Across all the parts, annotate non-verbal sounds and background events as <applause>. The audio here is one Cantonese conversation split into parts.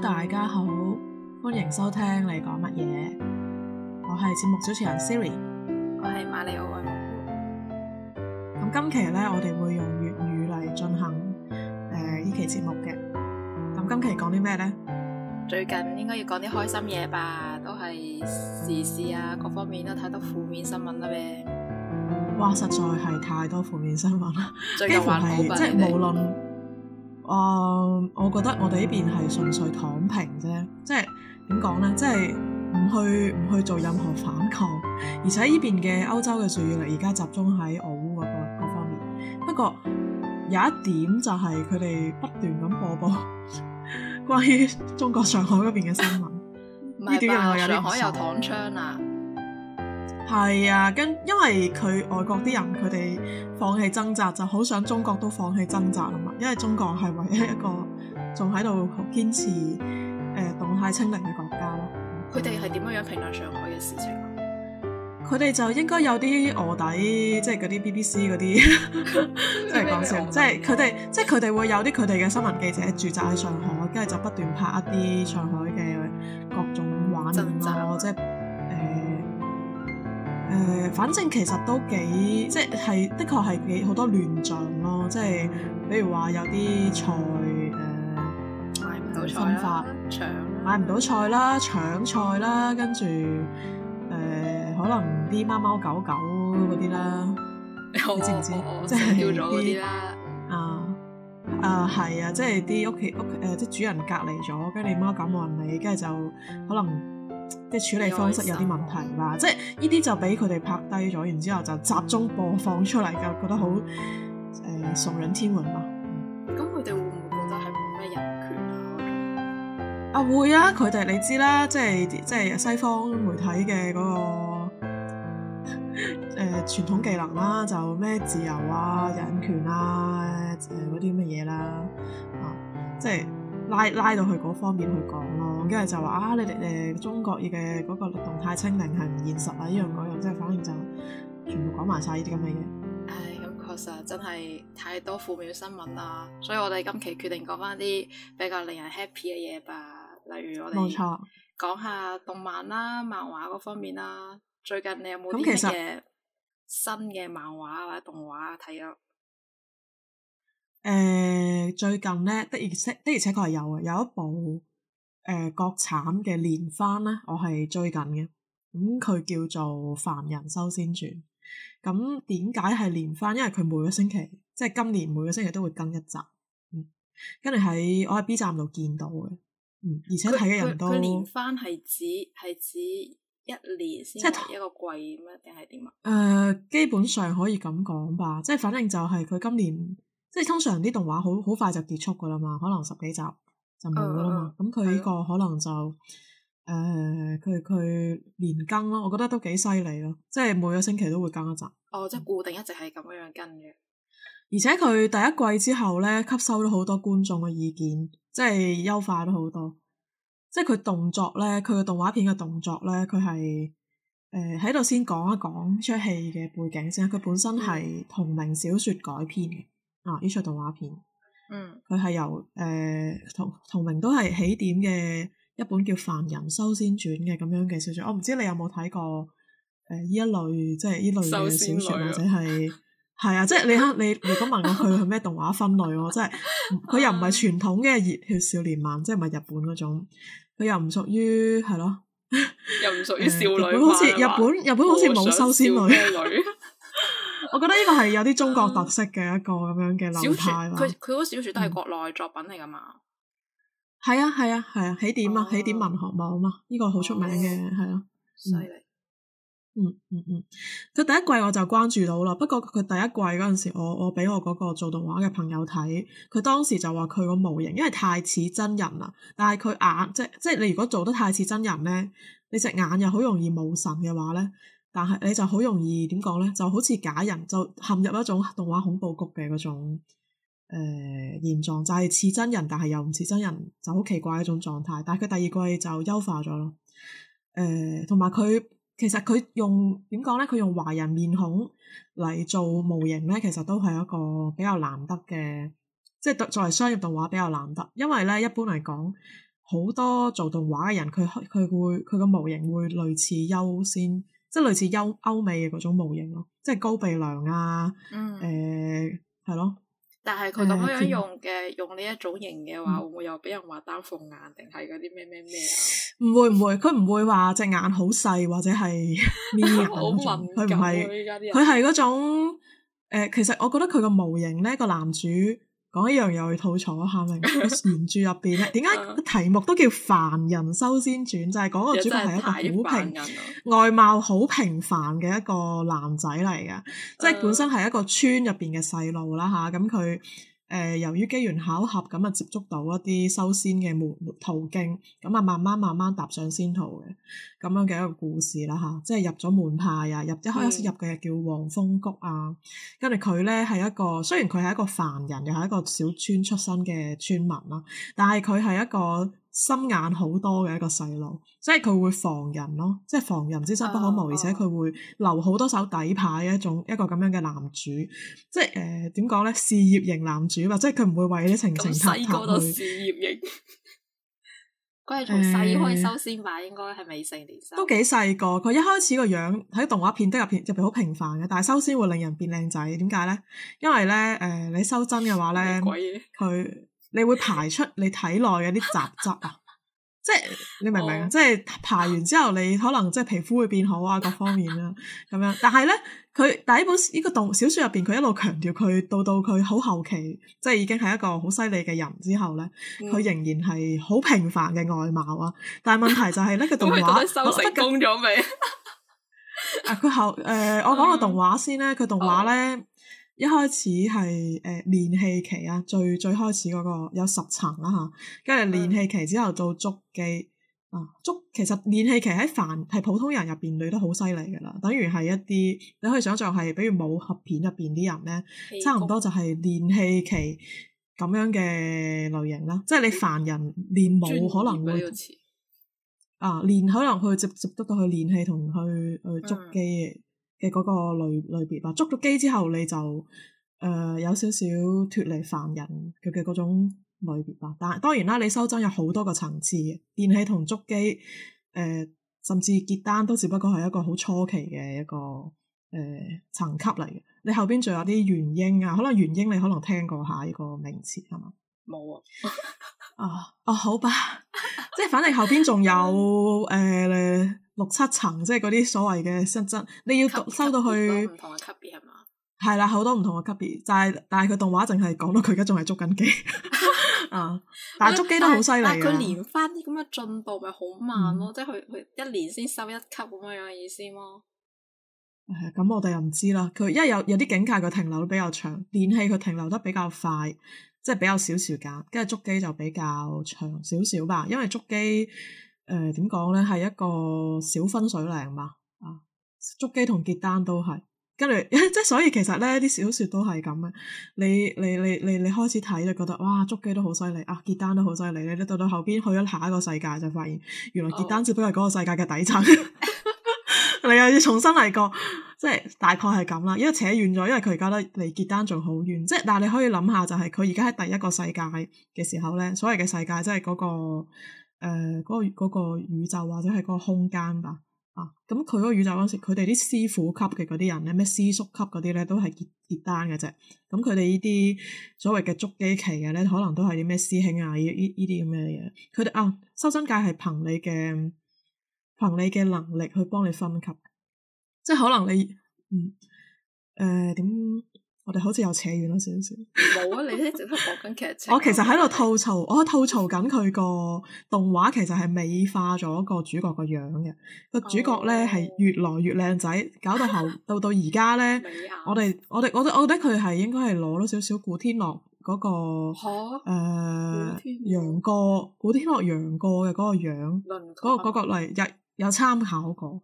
大家好，歡迎收聽你講乜嘢？我係節目主持人 Siri，我係馬里奧愛蘑菇。咁今期咧，我哋會用粵語嚟進行誒呢、呃、期節目嘅。咁今期講啲咩咧？最近應該要講啲開心嘢吧？都係時事啊，各方面都睇到負面新聞啦唄。哇，實在係太多負面新聞啦，最近 <laughs> 幾乎係即係無論。啊，uh, 我覺得我哋呢邊係純粹躺平啫，即係點講咧？即係唔去唔去做任何反抗，而且呢邊嘅歐洲嘅注意力而家集中喺俄烏嗰個方面。不過有一點就係佢哋不斷咁播報 <laughs> 關於中國上海嗰邊嘅新聞，呢點認為有啲錯。上海又躺槍啦。係啊，跟因為佢外國啲人佢哋放棄掙扎，就好想中國都放棄掙扎啊嘛，因為中國係唯一一個仲喺度堅持誒、呃、動態清零嘅國家咯。佢哋係點樣樣評論上海嘅事情？啊？佢哋就應該有啲臥底，即係嗰啲 BBC 嗰啲，即係講笑，即係佢哋，即係佢哋會有啲佢哋嘅新聞記者駐紮喺上海，跟住就不斷拍一啲上海嘅各種畫面咯，即正誒，uh, 反正其實都幾，即係的確係幾好多亂象咯，即係比如話有啲菜誒、uh, 買唔到，到菜啦，搶買唔到菜啦，搶菜啦，跟住誒可能啲貓貓狗狗嗰啲啦， <laughs> 你知唔知？即係啲啊啊係啊，即係啲屋企屋誒即係主人隔離咗，跟住你貓狗冇人理，跟住就可能。即係處理方式有啲問題啦，嗯、即係呢啲就俾佢哋拍低咗，然之後就集中播放出嚟，就覺得好誒聳人聽聞嘛。咁佢哋會唔會就係冇咩人權啊？啊會啊，佢哋你知啦，即係即係西方媒體嘅嗰、嗰個誒傳、 <laughs> 呃、統技能啦，就咩自由啊、人權啊誒嗰啲咩嘢啦，啊、即係。拉拉到去嗰方面去講咯，跟住就話啊，你哋誒中國嘅嗰個動態清零係唔現實啊，呢樣嗰樣，即係反而就是、全部講埋晒呢啲咁嘅嘢。唉、哎，咁確實真係太多負面新聞啊！所以我哋今期決定講翻啲比較令人 happy 嘅嘢吧，例如我哋講，冇錯，下動漫啦、漫畫嗰方面啦。最近你有冇啲嘅新嘅漫畫或者動畫睇啊？誒、呃、最近咧，的而且的而且確係有啊，有一部誒、呃、國產嘅連番咧，我係追緊嘅。咁、嗯、佢叫做《凡人修仙傳》嗯。咁點解係連番？因為佢每個星期，即係今年每個星期都會更一集。嗯，跟住喺我喺 B 站度見到嘅。嗯，而且睇嘅人多。佢連番係指係指一年先，即係同一個季咩？定係點啊？誒、呃，基本上可以咁講吧。即係反正就係佢今年。即係通常啲動畫好好快就結束噶啦嘛，可能十幾集就冇啦嘛。咁佢呢個可能就誒，佢、佢連更咯，我覺得都幾犀利咯。即係每個星期都會更一集。哦、oh, 嗯，即係固定一直係咁樣樣跟嘅。而且佢第一季之後咧，吸收咗好多觀眾嘅意見，即係優化咗好多。即係佢動作咧，佢嘅動畫片嘅動作咧，佢係誒喺度先講一講，講出戲嘅背景先。佢本身係同名小說改編嘅。Mm hmm. 啊！呢出動畫片，嗯，佢係由誒、呃、同同名都係起點嘅一本叫《凡人修仙傳》嘅咁樣嘅小說，我唔知你有冇睇過誒呢、呃、一類，即係呢類嘅小說，小或者係係 <laughs> 啊！即、就、係、是、你你你如果問我佢係咩動畫分類？我即係佢又唔係傳統嘅熱血少年漫，即係唔係日本嗰種，佢又唔屬於係咯，又唔屬於少女，好似日本日本好似冇本修仙類女。 <laughs> 我覺得呢個係有啲中國特色嘅一個咁樣嘅流派咯。佢佢嗰小説都係國內作品嚟噶嘛？係、嗯、啊係啊係啊！起點啊，oh. 起點文學網嘛，呢、這個好出名嘅係咯。犀利。嗯嗯嗯，佢、嗯、第一季我就關注到啦。不過佢第一季嗰陣時，我我俾我嗰個做動畫嘅朋友睇，佢當時就話佢個模型因為太似真人啦。但係佢眼即即係你如果做得太似真人咧，你隻眼又好容易冇神嘅話咧。但係你就好容易點講咧，就好似假人，就陷入一種動畫恐怖谷嘅嗰種誒、呃、現狀，就係、是、似真人，但係又唔似真人，就好奇怪一種狀態。但係佢第二季就優化咗咯，誒同埋佢其實佢用點講咧？佢用華人面孔嚟做模型咧，其實都係一個比較難得嘅，即、就、係、是、作為商業動畫比較難得，因為咧一般嚟講，好多做動畫嘅人，佢佢會佢個模型會類似優先。即係類似歐歐美嘅嗰種模型、啊嗯呃、咯，即係高鼻梁啊，呃、嗯，誒係咯。但係佢咁樣樣用嘅，用呢一種型嘅話，會唔會又俾人話丹鳳眼定係嗰啲咩咩咩？唔會唔會，佢唔會話隻眼好細或者係好混，佢唔係佢係嗰種、呃、其實我覺得佢個模型咧，個男主。講一樣又要吐槽下，明、 <laughs> 啊，原著入邊咧，點解題目都叫《凡人修仙傳》？就係、是、講個主角係一個好平、平凡、外貌好平凡嘅一個男仔嚟嘅，即、就、係、是、本身係一個村入邊嘅細路啦吓，咁、啊、佢。嗯誒，由於機緣巧合咁啊，接觸到一啲修仙嘅門門途徑，咁啊，慢慢慢慢踏上仙途嘅咁樣嘅一個故事啦吓，即係入咗門派啊，入一開始入嘅叫黃楓谷啊，跟住佢咧係一個，雖然佢係一個凡人，又係一個小村出身嘅村民啦，但係佢係一個。心眼好多嘅一個細路，即係佢會防人咯，即係防人之心不可無，哦、而且佢會留好多手底牌嘅一種一個咁樣嘅男主，即係誒點講咧事業型男主或者佢唔會為啲情情塌塌去。事業型，佢係從細開始修仙吧？呃、應該係未成年。都幾細個，佢一開始個樣喺動畫片都入片入邊好平凡嘅，但係修仙會令人變靚仔，點解咧？因為咧，誒、呃、你修真嘅話咧，佢、啊。 <laughs> 你會排出你體內嘅啲雜質啊， <laughs> 即係你明唔明啊？ <laughs> 即係排完之後，你可能即係皮膚會變好啊，各方面啦、啊，咁樣。但係咧，佢但係呢本呢、呢個動小說入邊，佢一路強調佢到到佢好後期，即係已經係一個好犀利嘅人之後咧，佢、嗯、仍然係好平凡嘅外貌啊。但係問題就係呢個動畫， <laughs> 可可收成功咗未？ <laughs> 啊，佢後誒、呃，我講個動畫先咧，佢動畫咧。嗯嗯一開始係誒練氣期啊，最最開始嗰、那個有十層啦吓，跟住練氣期之後做築基。嗯、啊築，其實練氣期喺凡係普通人入邊累得好犀利噶啦，等於係一啲你可以想象係，比如武俠片入邊啲人咧，功差唔多就係練氣期咁樣嘅類型啦、啊，即係你凡人練武可能會啊練可能去接接，接得到去練氣同去去築基。嘅。嘅嗰個類類別吧，捉咗機之後你就誒、呃、有少少脫離凡人佢嘅嗰種類別吧。但係當然啦，你修真有好多個層次，嘅電器同捉機誒、呃，甚至結單都只不過係一個好初期嘅一個誒、呃、層級嚟嘅。你後邊仲有啲原嬰啊，可能原嬰你可能聽過下呢個名詞係嘛？冇有啊。 <laughs> 啊哦好吧，即係反正後邊仲有誒六七層，即係嗰啲所謂嘅新增，你要讀收到去唔同嘅級別係嘛？係啦，好多唔同嘅級別，就係，但係佢動畫淨係講到佢而家仲係捉緊機啊！但係捉機都好犀利，佢連翻啲咁嘅進步，咪好慢咯，即係佢佢一年先收一級咁樣樣嘅意思咯？咁我哋又唔知啦。佢因為有有啲境界，佢停留得比較長，練氣佢停留得比較快。即係比較少時間，跟住築基就比較長少少吧，因為築基誒點講咧係一個小分水嶺嘛。築基同結丹都係，跟住、啊、即係所以其實咧啲小說都係咁嘅。你你你你你開始睇就覺得哇築基都好犀利啊結丹都好犀利咧，你到到後邊去咗下一個世界就發現，原來結丹只不過係嗰個世界嘅底層。Oh. <laughs> 你又要重新嚟過，即係大概係咁啦。因為扯遠咗，因為佢而家咧離結丹仲好遠。即係但係你可以諗下，就係佢而家喺第一個世界嘅時候咧，所謂嘅世界即係嗰個誒嗰、呃那個那個、宇宙或者係嗰個空間吧。啊，咁佢嗰個宇宙嗰時，佢哋啲師傅級嘅嗰啲人咧，咩師叔級嗰啲咧，都係結結丹嘅啫。咁佢哋呢啲所謂嘅築基期嘅咧，可能都係啲咩師兄啊，呢依啲咁嘅嘢。佢哋啊，修真界係憑你嘅。憑你嘅能力去幫你分級，即係可能你，嗯，誒、呃，點？我哋好似又扯遠咗少少。冇啊！你一直都講緊劇情。 <laughs> 我其實喺度吐槽，我吐槽緊佢個動畫，其實係美化咗個主角個樣嘅。個、哦、主角咧係越來越靚仔，搞到後到到而家咧， <laughs> 我哋我哋我我我覺得佢係應該係攞咗少少古天樂嗰、那個，吓誒哈、楊過、uh,，古天樂楊過嘅嗰個樣，嗰圖個嗰個嚟日。有參考過，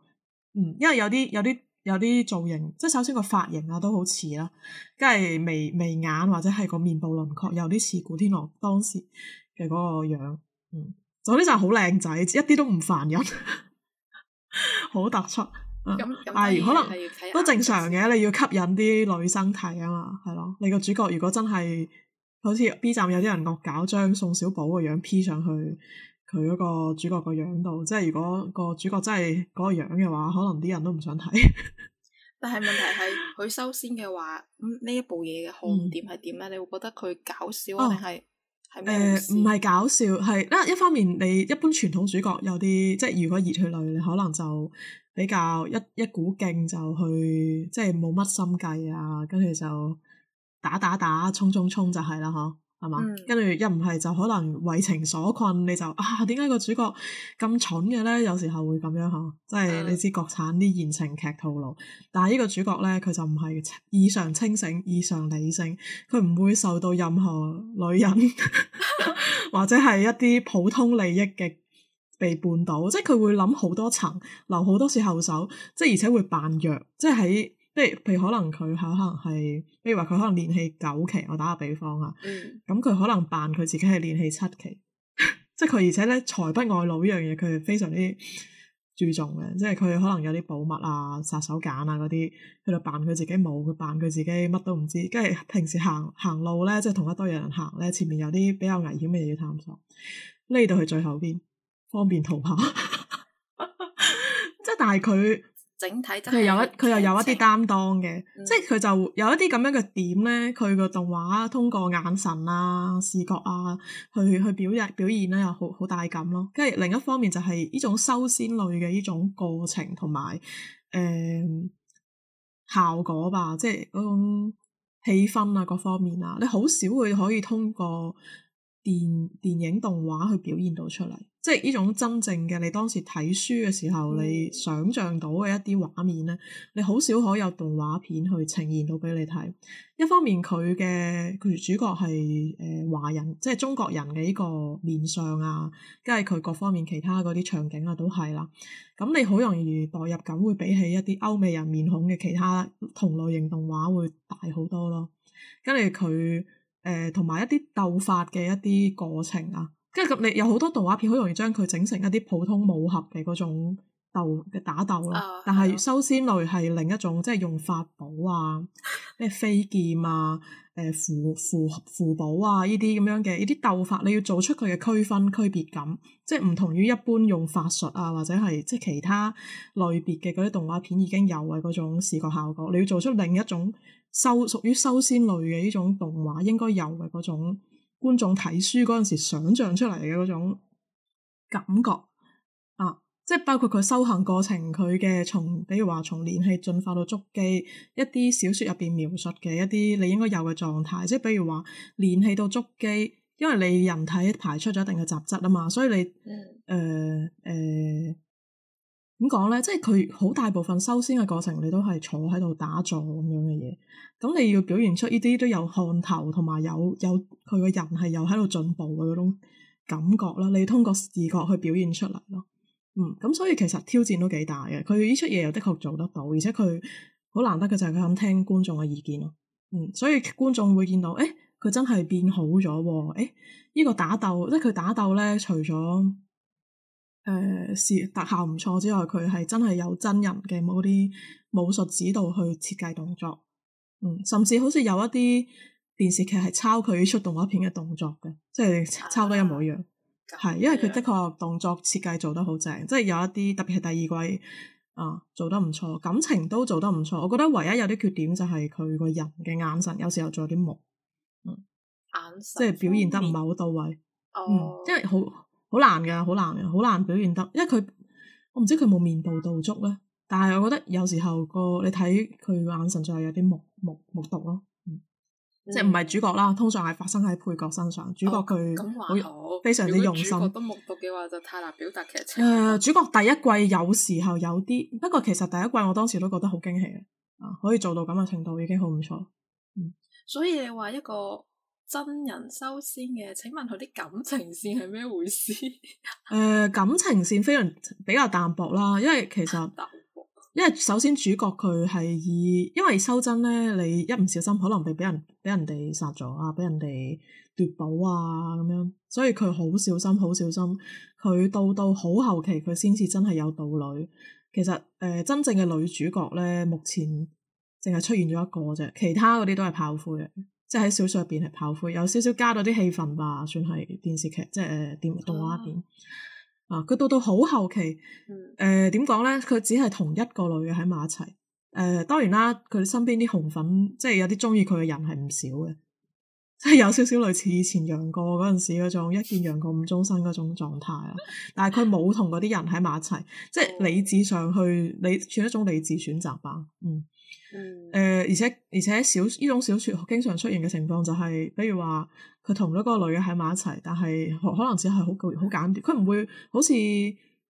嗯，因為有啲有啲有啲造型，即係首先個髮型啊都好似啦，跟係眉眉眼或者係個面部輪廓有啲似古天樂當時嘅嗰個樣，嗯，總之就好靚仔，一啲都唔煩人，好突出。咁、嗯，例如可能都正常嘅，你要吸引啲女生睇啊嘛，係咯，你個主角如果真係好似 B 站有啲人惡搞將宋小寶個樣 P 上去。佢嗰個主角個樣度，即係如果個主角真係嗰個樣嘅話，可能啲人都唔想睇。 <laughs> 但係問題係佢修仙嘅話，咁呢、嗯、一部嘢嘅看點係點咧？你會覺得佢搞笑啊，定係？誒，唔係搞笑，係一、哦呃、一方面，你一般傳統主角有啲，即係如果熱血類，你可能就比較一一股勁就去，即係冇乜心計啊，跟住就打打打，冲冲衝就係啦，嗬。係嘛？跟住、嗯、一唔係就可能為情所困，你就，啊，點解個主角咁蠢嘅咧？有時候會咁樣嚇，啊、即係你知國產啲言情劇套路。但係呢個主角咧，佢就唔係異常清醒、異常理性，佢唔會受到任何女人 <laughs> <laughs> 或者係一啲普通利益嘅被絆倒。即係佢會諗好多層，留好多次後手。即係而且會扮弱，即係喺。即係，譬如，如可能佢可能係，譬如話佢可能練氣九期，我打個比方啊，咁佢、嗯、可能扮佢自己係練氣七期，即係佢而且咧財不外露呢樣嘢，佢係非常之注重嘅，即係佢可能有啲寶物啊、殺手鐧啊嗰啲，佢就扮佢自己冇，佢扮佢自己乜都唔知，跟住平時行行路咧，即係同一堆人行咧，前面有啲比較危險嘅嘢要探索，匿到去最後邊方便逃跑， <laughs> <laughs> <laughs> 即係但係佢。整體佢有一佢又有一啲擔當嘅。嗯、即係佢就有一啲咁樣嘅點咧，佢個動畫通過眼神啊、視覺啊，去去表現表現咧又好好帶感咯。跟住另一方面就係呢種修仙類嘅呢種過程同埋誒效果吧，即係種、嗯、氣氛啊各方面啊，你好少會可以通過電電影動畫去表現到出嚟。即係呢種真正嘅，你當時睇書嘅時候，你想象到嘅一啲畫面咧，你好少可有動畫片去呈現到俾你睇。一方面佢嘅佢主角係誒華人，即係中國人嘅呢個面相啊，跟住佢各方面其他嗰啲場景啊，都係啦。咁你好容易代入感會比起一啲歐美人面孔嘅其他同類型動畫會大好多咯。跟住佢誒同埋一啲鬥法嘅一啲過程啊。跟住咁，你有好多動畫片好容易將佢整成一啲普通武俠嘅嗰種鬥嘅打鬥咯。哦、但係修仙類係另一種，即係用法寶啊、咩飛劍啊、誒符符符寶啊依啲咁樣嘅依啲鬥法，你要做出佢嘅區分區別感，即係唔同於一般用法術啊或者係即係其他類別嘅嗰啲動畫片已經有嘅嗰種視覺效果，你要做出另一種修屬於修仙類嘅依種動畫應該有嘅嗰種。觀眾睇書嗰陣時想象出嚟嘅嗰種感覺啊，即係包括佢修行過程佢嘅從，比如話從練氣進化到築基，一啲小說入邊描述嘅一啲你應該有嘅狀態，即係比如話練氣到築基，因為你人體排出咗一定嘅雜質啊嘛，所以你誒誒。嗯呃呃點講咧？即係佢好大部分修仙嘅過程，你都係坐喺度打坐咁樣嘅嘢。咁你要表現出呢啲都有看頭有，同埋有有佢個人係有喺度進步嘅嗰種感覺啦。你要通過視覺去表現出嚟咯。嗯，咁所以其實挑戰都幾大嘅。佢呢出嘢又的確做得到，而且佢好難得嘅就係佢肯聽觀眾嘅意見咯。嗯，所以觀眾會見到，誒、欸，佢真係變好咗喎。誒、欸，呢個打鬥，即係佢打鬥咧，除咗誒、呃，特效唔錯之外，佢係真係有真人嘅某啲武術指導去設計動作，嗯，甚至好似有一啲電視劇係抄佢出動畫片嘅動作嘅，即係抄得一模一樣，係、啊、因為佢的確動作設計做得好正，啊、即係有一啲特別係第二季啊、嗯、做得唔錯，感情都做得唔錯。我覺得唯一有啲缺點就係佢個人嘅眼神有時候做啲木，嗯，眼神即係表現得唔係好到位，哦、嗯，因為好。好難噶，好難噶，好難表現得，因為佢我唔知佢冇面部到足咧，但係我覺得有時候、那個你睇佢眼神就係有啲目目目讀咯，嗯嗯、即係唔係主角啦，通常係發生喺配角身上，主角佢、哦、好非常之用心，如果主角都目讀嘅話就太難表達劇情。誒、呃，主角第一季有時候有啲，不過其實第一季我當時都覺得好驚喜啊，可以做到咁嘅程度已經好唔錯，嗯。所以你話一個。真人修仙嘅，請問佢啲感情線係咩回事？誒、呃，感情線非常比較淡薄啦，因為其實，因為首先主角佢係以，因為修真咧，你一唔小心可能被俾人俾人哋殺咗啊，俾人哋奪寶啊咁樣，所以佢好小心，好小心。佢到到好後期，佢先至真係有道侶。其實誒、呃，真正嘅女主角咧，目前淨係出現咗一個啫，其他嗰啲都係炮灰。即係喺小說入邊係炮灰，有少少加咗啲戲份吧，算係電視劇，即係電動畫片啊。佢、啊、到到好後期，誒、呃，點講咧？佢只係同一個女嘅喺埋一齊。誒、呃，當然啦，佢身邊啲紅粉，即係有啲中意佢嘅人係唔少嘅，即係有少少類似以前楊過嗰陣時嗰種一見楊過誤終身嗰種狀態啊。但係佢冇同嗰啲人喺埋一齊，即係理智上去，理處一種理智選擇吧。嗯。嗯，誒、uh，而且而且小呢種小說經常出現嘅情況就係、是，比如話佢同咗嗰個女嘅喺埋一齊，但係可能只係好簡好簡短，佢唔會好似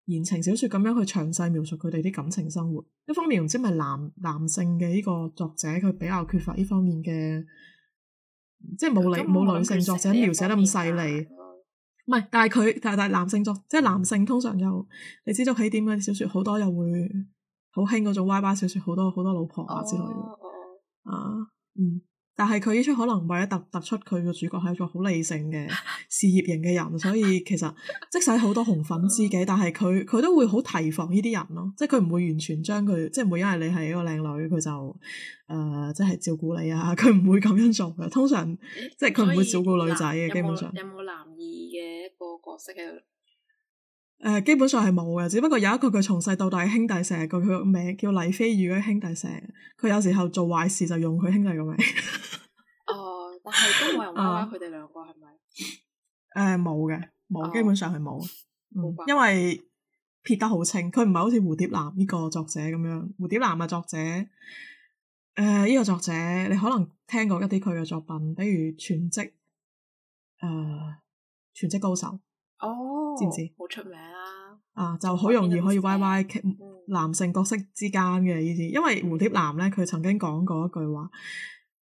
言情小說咁樣去詳細描述佢哋啲感情生活。一方面唔知係咪男男性嘅呢個作者佢比較缺乏呢方面嘅，即係冇女冇女性作者描寫得咁細膩。唔係、嗯，但係佢但係但係男性作即係、就是、男性通常有，你知道起點嘅小說好多又會。好興嗰種歪巴小說，好多好多老婆啊之類嘅，oh, oh. 啊，嗯，但係佢呢出可能為咗突突出佢個主角係一個好理性嘅 <laughs> 事業型嘅人，所以其實即使好多紅粉知己，oh. 但係佢佢都會好提防呢啲人咯，即係佢唔會完全將佢，即係唔會因為你係一個靚女，佢就誒即係照顧你啊，佢唔會咁樣做嘅，通常即係佢唔會照顧女仔嘅，以基本上有冇男二嘅一個角色喺度？誒、呃，基本上係冇嘅，只不過有一個佢從細到大兄弟，成個佢個名叫黎菲宇嘅兄弟，成佢有時候做壞事就用佢兄弟個名。 <laughs> 哦，但係都冇人話啊、呃！佢哋兩個係咪？誒，冇嘅、呃，冇，基本上係冇。冇、哦，嗯、因為撇得好清，佢唔係好似蝴蝶藍呢個作者咁樣，蝴蝶藍啊作者，誒、呃、呢、這個作者，你可能聽過一啲佢嘅作品，比如全職，誒、呃，全職高手。哦，oh, 知唔知？好出名啦、啊！啊，就好容易可以 Y Y，男性角色之間嘅意思。嗯、因為蝴蝶男咧，佢曾經講過一句話：誒、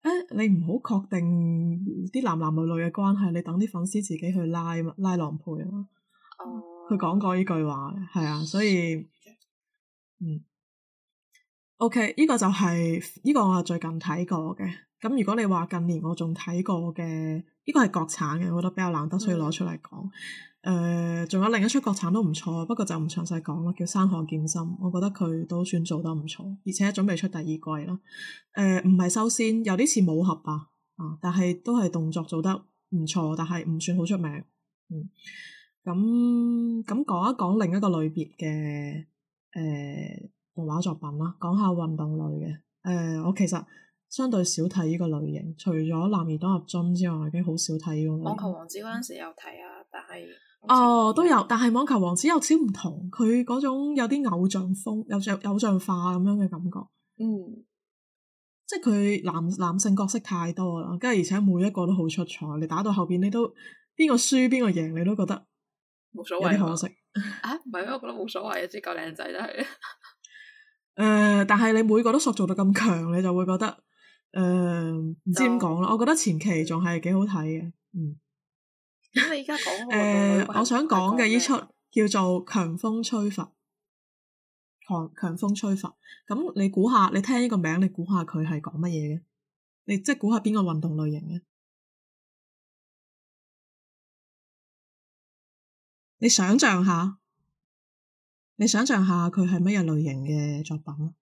嗯欸，你唔好確定啲男男女女嘅關係，你等啲粉絲自己去拉拉郎配啊！佢講、oh. 過呢句話，係啊，所以，嗯，OK，呢個就係、是、呢、這個我最近睇過嘅。咁如果你話近年我仲睇過嘅，呢、這個係國產嘅，我覺得比較難得，所以攞出嚟講。嗯誒，仲、呃、有另一出國產都唔錯，不過就唔詳細講咯。叫《山河劍心》，我覺得佢都算做得唔錯，而且準備出第二季啦。誒、呃，唔係修仙，有啲似武俠吧。啊，但係都係動作做得唔錯，但係唔算好出名。嗯，咁咁講一講另一個類別嘅誒、呃、動畫作品啦，講下運動類嘅。誒、呃，我其實相對少睇呢個類型，除咗《男兒當入樽》之外，已經好少睇咁。網球王子嗰陣時有睇啊，但係。哦，都有，但係網球王子有少唔同，佢嗰種有啲偶像風，偶像偶像化咁樣嘅感覺。嗯，即係佢男男性角色太多啦，跟住而且每一個都好出彩，你打到後邊你都邊個輸邊個贏，你都覺得冇所謂啲角色。啊，唔係啊，我覺得冇所謂、啊，只夠靚仔都係。誒 <laughs> 、呃，但係你每個都塑造到咁強，你就會覺得誒唔、呃、知點講啦。就我覺得前期仲係幾好睇嘅，嗯。咁你而家講？誒、嗯， <laughs> 嗯、我想講嘅依出叫做強強《強風吹拂》，強強風吹拂。咁你估下，你聽呢個名，你估下佢係講乜嘢嘅？你即係估下邊個運動類型嘅？你想象下，你想象下佢係乜嘢類型嘅作品？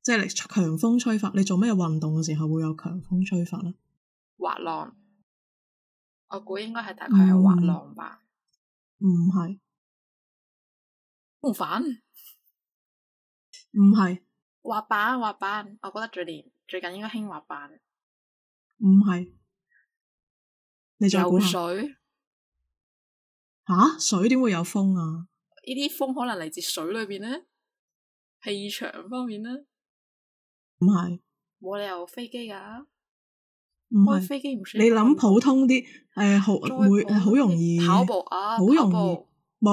即係你強風吹拂，你做咩運動嘅時候會有強風吹拂咧？滑浪。我估應該係大概係滑浪吧，唔係，嗯，風帆，唔係反是滑板，滑板，我覺得最近最近應該興滑板，唔係，你仲有水。吓？水點會有風啊？呢啲風可能嚟自水裏邊咧，氣場方面咧，唔係是，冇理由飛機㗎啊。唔係，飛機唔算，啊、你諗普通啲，誒、呃、好步會好容易跑步啊，好容易，冇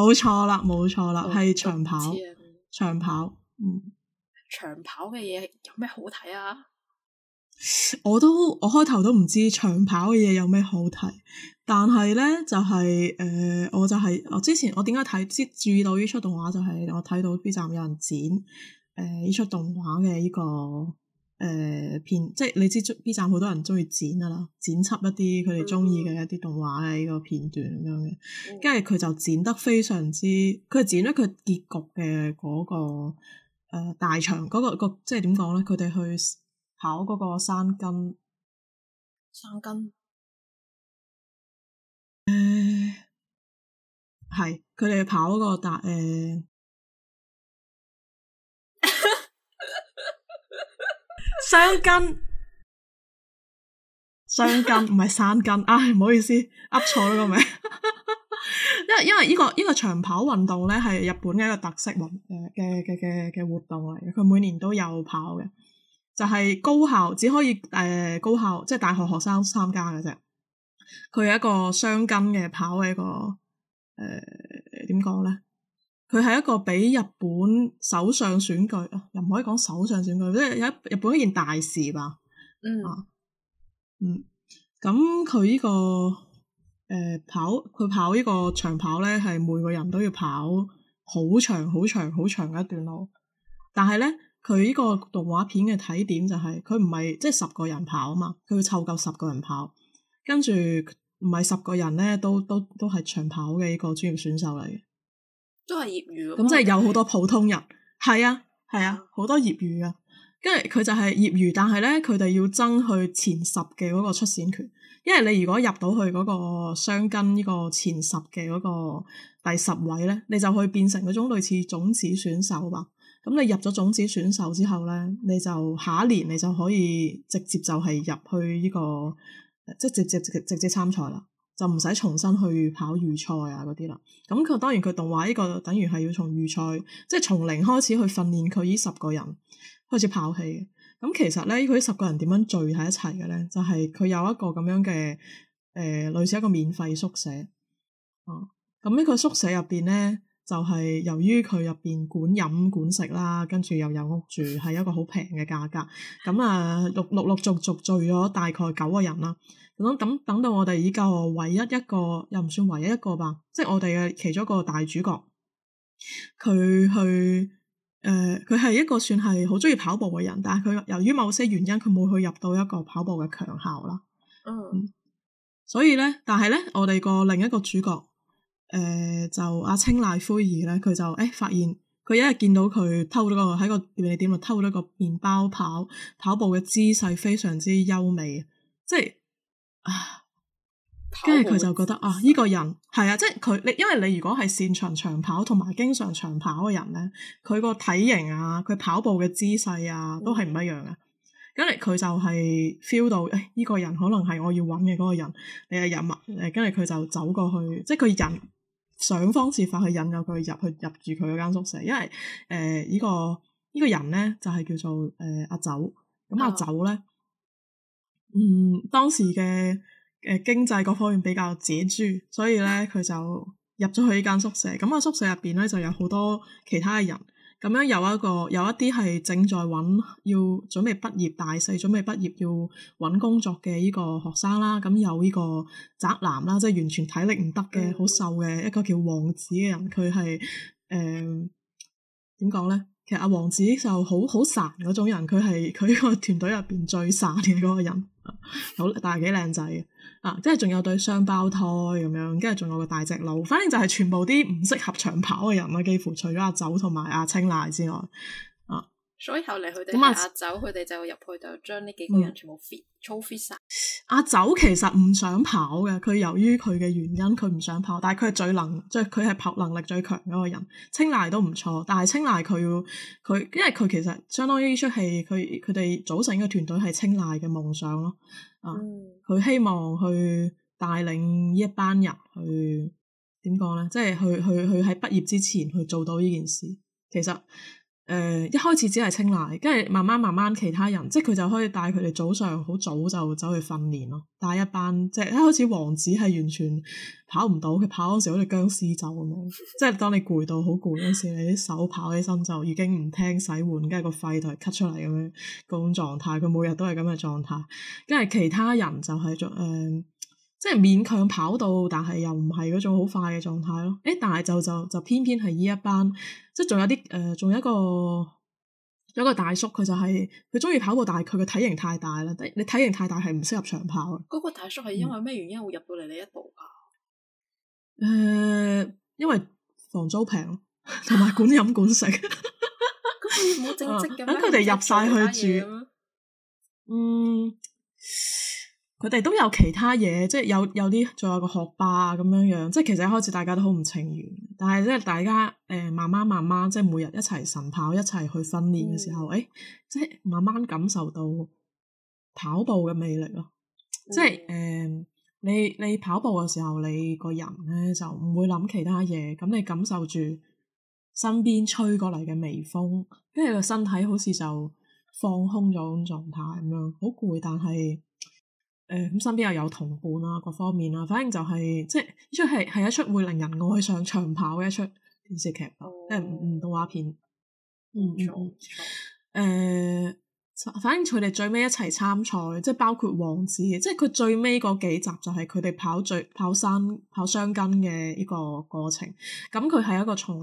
步錯啦，冇錯啦，係、哦、長跑，長跑，嗯，長跑嘅嘢有咩好睇啊？我都我開頭都唔知長跑嘅嘢有咩好睇，但係咧就係、是、誒、呃，我就係、是、我之前我點解睇知注意到呢出動畫就係、是、我睇到 B 站有人剪誒呢、呃、出動畫嘅呢、呢個。誒、呃、片即係你知，B 站好多人鍾意剪啊啦，剪輯一啲佢哋鍾意嘅一啲動畫嘅一、嗯、個片段咁樣嘅，跟住佢就剪得非常之，佢係剪咗佢結局嘅嗰、嗰個誒、呃、大場嗰、嗰個、嗰個、即係點講咧？佢哋去跑嗰個山根，山根誒係，佢哋去跑嗰、嗰個達、呃箱根，箱根唔係三根，唉， <laughs> 唔、哎、好意思，噏錯咗個名。 <laughs> 因為因為呢個呢、這個長跑運動咧係日本嘅一個特色運誒嘅嘅嘅嘅活動嚟嘅，佢每年都有跑嘅，就係、是、高校只可以誒、呃、高校即係、就是、大學學生參加嘅啫。佢係一個箱根嘅跑嘅一個誒點講咧？呃佢係一個比日本首相選舉啊，又唔可以講首相選舉，即係有日本一件大事吧？嗯、啊，嗯，咁佢呢個誒、呃、跑佢跑呢個長跑咧，係每個人都要跑好長、好長、好長嘅一段路。但係咧，佢呢個動畫片嘅睇點就係佢唔係即係十個人跑啊嘛，佢要湊夠十個人跑，跟住唔係十個人咧都都都係長跑嘅呢個專業選手嚟嘅。都係業餘咁，即係有好多普通人，係啊係啊，好多業餘啊，跟住佢就係業餘，但係咧佢哋要爭去前十嘅嗰個出線權，因為你如果入到去嗰個箱根呢個前十嘅嗰個第十位咧，你就會變成嗰種類似種子選手吧。咁你入咗種子選手之後咧，你就下一年你就可以直接就係入去呢、這個，即係直接直接參賽啦。就唔使重新去跑預賽啊嗰啲啦。咁佢當然佢動畫呢個等於係要從預賽，即係從零開始去訓練佢呢十個人開始跑起。咁其實咧，佢十個人點樣聚喺一齊嘅咧？就係佢有一個咁樣嘅誒，類似一個免費宿舍。哦，咁呢個宿舍入邊咧，就係由於佢入邊管飲管食啦，跟住又有屋住，係一個好平嘅價格。咁啊，陸陸陸續續聚咗大概九個人啦。咁等等到我哋而家，唯一一個又唔算唯一一個吧，即係我哋嘅其中一個大主角，佢去，誒佢係一個算係好中意跑步嘅人，但係佢由於某些原因，佢冇去入到一個跑步嘅強校啦。嗯，嗯，所以咧，但係咧，我哋個另一個主角，誒、呃、就阿清瀨灰二咧，佢就誒、欸、發現佢一日見到佢偷咗個喺個便利店度偷咗個麵包跑跑步嘅姿勢非常之優美，即係。啊！跟住佢就覺得啊，依、這個人係啊，即係佢你，因為你如果係擅長長跑同埋經常長跑嘅人咧，佢個體型啊，佢跑步嘅姿勢啊，都係唔一樣嘅。跟住佢就係 feel 到，誒、哎、依、這個人可能係我要揾嘅嗰個人，你誒人物、啊。誒，跟住佢就走過去，即係佢引，想方設法去引咗佢入去入住佢嗰間宿舍，因為誒依、呃這個依、這個人咧就係、是、叫做誒、呃、阿酒。咁阿酒咧。啊嗯，當時嘅誒、呃、經濟各方面比較拮據，所以咧佢就入咗去呢間宿舍。咁啊宿舍入邊咧就有好多其他嘅人，咁樣有一個有一啲係正在揾要準備畢業大四，準備畢業要揾工作嘅呢個學生啦。咁、啊嗯嗯、有呢個宅男啦，即係完全體力唔得嘅，好瘦嘅一個叫王子嘅人，佢係誒點講咧？呃其實阿王子就好好孱嗰種人，佢係佢個團隊入邊最孱嘅嗰個人，好但係幾靚仔嘅，啊，即係仲有對雙胞胎咁樣，跟住仲有個大隻佬，反正就係全部啲唔適合長跑嘅人啦，幾乎除咗阿走同埋阿清瀨之外。所以後嚟佢哋阿酒，佢哋是就入去就將呢幾個人全部 fit、嗯、操 fit 晒。阿酒其實唔想跑嘅，佢由於佢嘅原因，佢唔想跑。但係佢最能，即係佢係跑能力最強嗰個人，青瀨都唔錯。但係青瀨佢佢因為佢其實相當於呢出戲，佢佢哋組成嘅團隊係青瀨嘅夢想咯。啊，佢、嗯、希望去帶領呢一班人去點講咧？即係、就是、去去去喺畢業之前去做到呢件事。其實。誒、呃、一開始只係青睞，跟住慢慢慢慢其他人，即係佢就可以帶佢哋早上好早就走去訓練咯，帶一班即係一開始王子係完全跑唔到，佢跑嗰時好似僵屍走咁樣，即係當你攰到好攰嗰時，你啲手跑起身就已經唔聽使喚，跟住個肺就係咳出嚟咁樣嗰種狀態，佢每日都係咁嘅狀態，跟住其他人就係做誒。呃即係勉強跑到，但係又唔係嗰種好快嘅狀態咯。誒、欸，但係就就就偏偏係呢一班，即係仲有啲誒，仲、呃、有一個有一個大叔，佢就係佢中意跑步，但係佢嘅體型太大啦。你體型太大係唔適合長跑嘅。嗰個大叔係因為咩原因會入到嚟呢一度？誒、嗯呃，因為房租平，同埋管飲管食。咁佢冇正職噶咩？咁佢哋入晒去住。嗯。嗯佢哋都有其他嘢，即係有有啲仲有個學霸咁樣樣。即係其實一開始大家都好唔情願，但係即係大家誒、呃、慢慢慢慢，即係每日一齊晨跑一齊去訓練嘅時候，誒、嗯欸、即係慢慢感受到跑步嘅魅力咯。嗯、即係誒、呃、你你跑步嘅時候，你個人咧就唔會諗其他嘢，咁你感受住身邊吹過嚟嘅微風，跟住個身體好似就放空咗嗰種狀態咁樣，好攰，但係，誒咁、呃、身邊又有同伴啊，各方面啦，反正就係、是、即係呢出係係一出會令人愛上長跑嘅一出電視劇，哦、即係唔唔動畫片。嗯，錯嗯、呃，反正佢哋最尾一齊參賽，即係包括王子，即係佢最尾嗰幾集就係佢哋跑最跑山跑箱根嘅依個過程。咁佢係一個從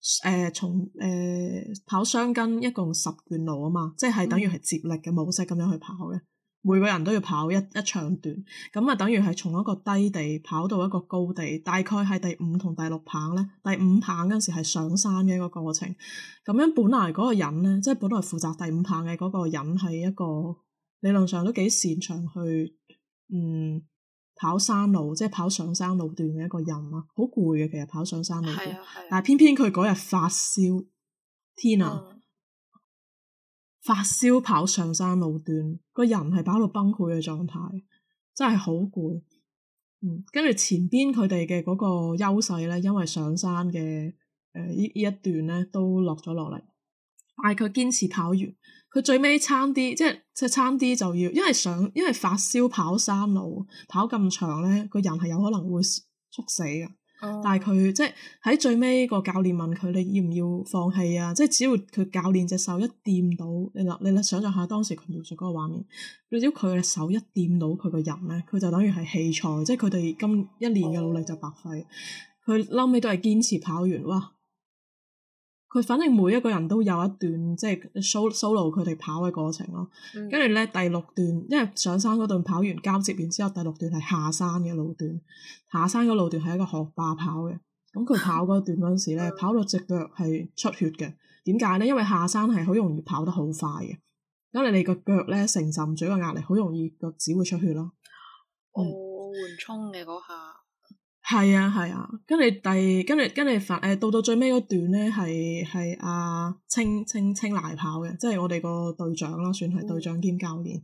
誒、呃、從誒、呃、跑箱根一共十段路啊嘛，即係等於係接力嘅模式咁樣去跑嘅。嗯每個人都要跑一一長段，咁啊等於係從一個低地跑到一個高地，大概係第五同第六棒咧，第五棒嗰時係上山嘅一個過程。咁樣本來嗰個人咧，即係本來負責第五棒嘅嗰個人係一個理論上都幾擅長去嗯跑山路，即係跑上山路段嘅一個人啦，好攰嘅其實跑上山路段，啊啊、但係偏偏佢嗰日發燒，天啊！嗯發燒跑上山路段，個人係跑到崩潰嘅狀態，真係好攰。嗯，跟住前邊佢哋嘅嗰個優勢咧，因為上山嘅誒呢呢一段咧都落咗落嚟，但係佢堅持跑完，佢最尾差啲，即係即係差啲就要，因為上因為發燒跑山路跑咁長咧，個人係有可能會猝死噶。但係佢即係喺最尾個教練問佢，你要唔要放棄啊？即係只要佢教練隻手一掂到，你諗你想象下當時佢描述嗰個畫面，你只要佢隻手一掂到佢個人咧，佢就等於係棄賽，即係佢哋今一年嘅努力就白費。佢嬲尾都係堅持跑完哇！佢反正每一個人都有一段即係 solo 佢哋跑嘅過程咯，跟住咧第六段，因為上山嗰段跑完交接，然之後第六段係下山嘅路段，下山嘅路段係一個學霸跑嘅，咁佢跑嗰段嗰時咧，嗯、跑到隻腳係出血嘅，點解咧？因為下山係好容易跑得好快嘅，咁你你個腳咧承受唔住個壓力，好容易腳趾會出血咯。哦，緩衝嘅嗰下。係啊係啊，跟住、啊、第跟住跟住凡到到最尾嗰段咧，係係阿青青青黎跑嘅，即係我哋個隊長啦，算係、嗯、隊長兼教練。誒、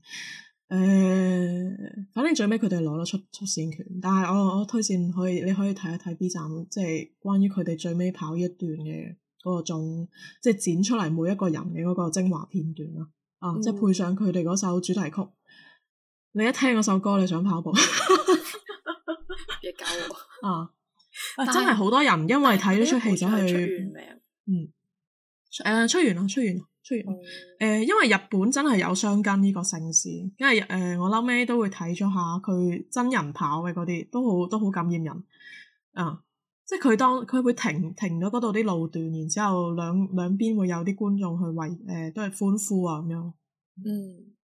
呃，反正最尾佢哋攞咗出出線權，但係我我推薦可以你可以睇一睇 B 站，即、就、係、是、關於佢哋最尾跑一段嘅嗰個鐘即係、就是、剪出嚟每一個人嘅嗰個精華片段啦、啊。啊，嗯、即係配上佢哋嗰首主題曲，你一聽嗰首歌，你想跑步？嗯、 <laughs> 別搞我！啊！是啊，真係好多人因為睇呢出戲就去，嗯，誒、啊，出完啦，出完，出完，誒、嗯呃，因為日本真係有箱根呢個城市。因為誒、呃，我嬲尾都會睇咗下佢真人跑嘅嗰啲，都好都好感染人，啊，即係佢當佢會停停咗嗰度啲路段，然之後兩兩邊會有啲觀眾去為誒、呃、都係歡呼啊咁樣，嗯。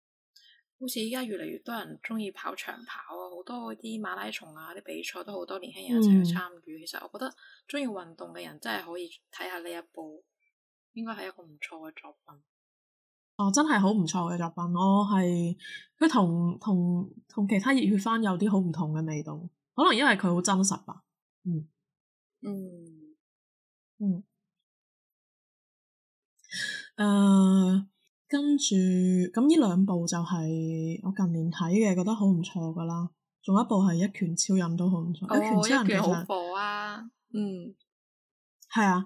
好似依家越嚟越多人鍾意跑長跑啊，好多嗰啲馬拉松啊啲比賽都好多年輕人一齊去參與。嗯、其實我覺得鍾意運動嘅人真係可以睇下呢一部，應該係一個唔錯嘅作品。哦，真係好唔錯嘅作品。我係佢同同同其他熱血番有啲好唔同嘅味道，可能因為佢好真實吧、啊。嗯嗯嗯。啊、嗯。Uh, 跟住咁呢兩部就係我近年睇嘅，覺得好唔錯噶啦。仲有一部係《一拳超人》都好唔錯，《一拳超人》其實好火啊。嗯，係啊。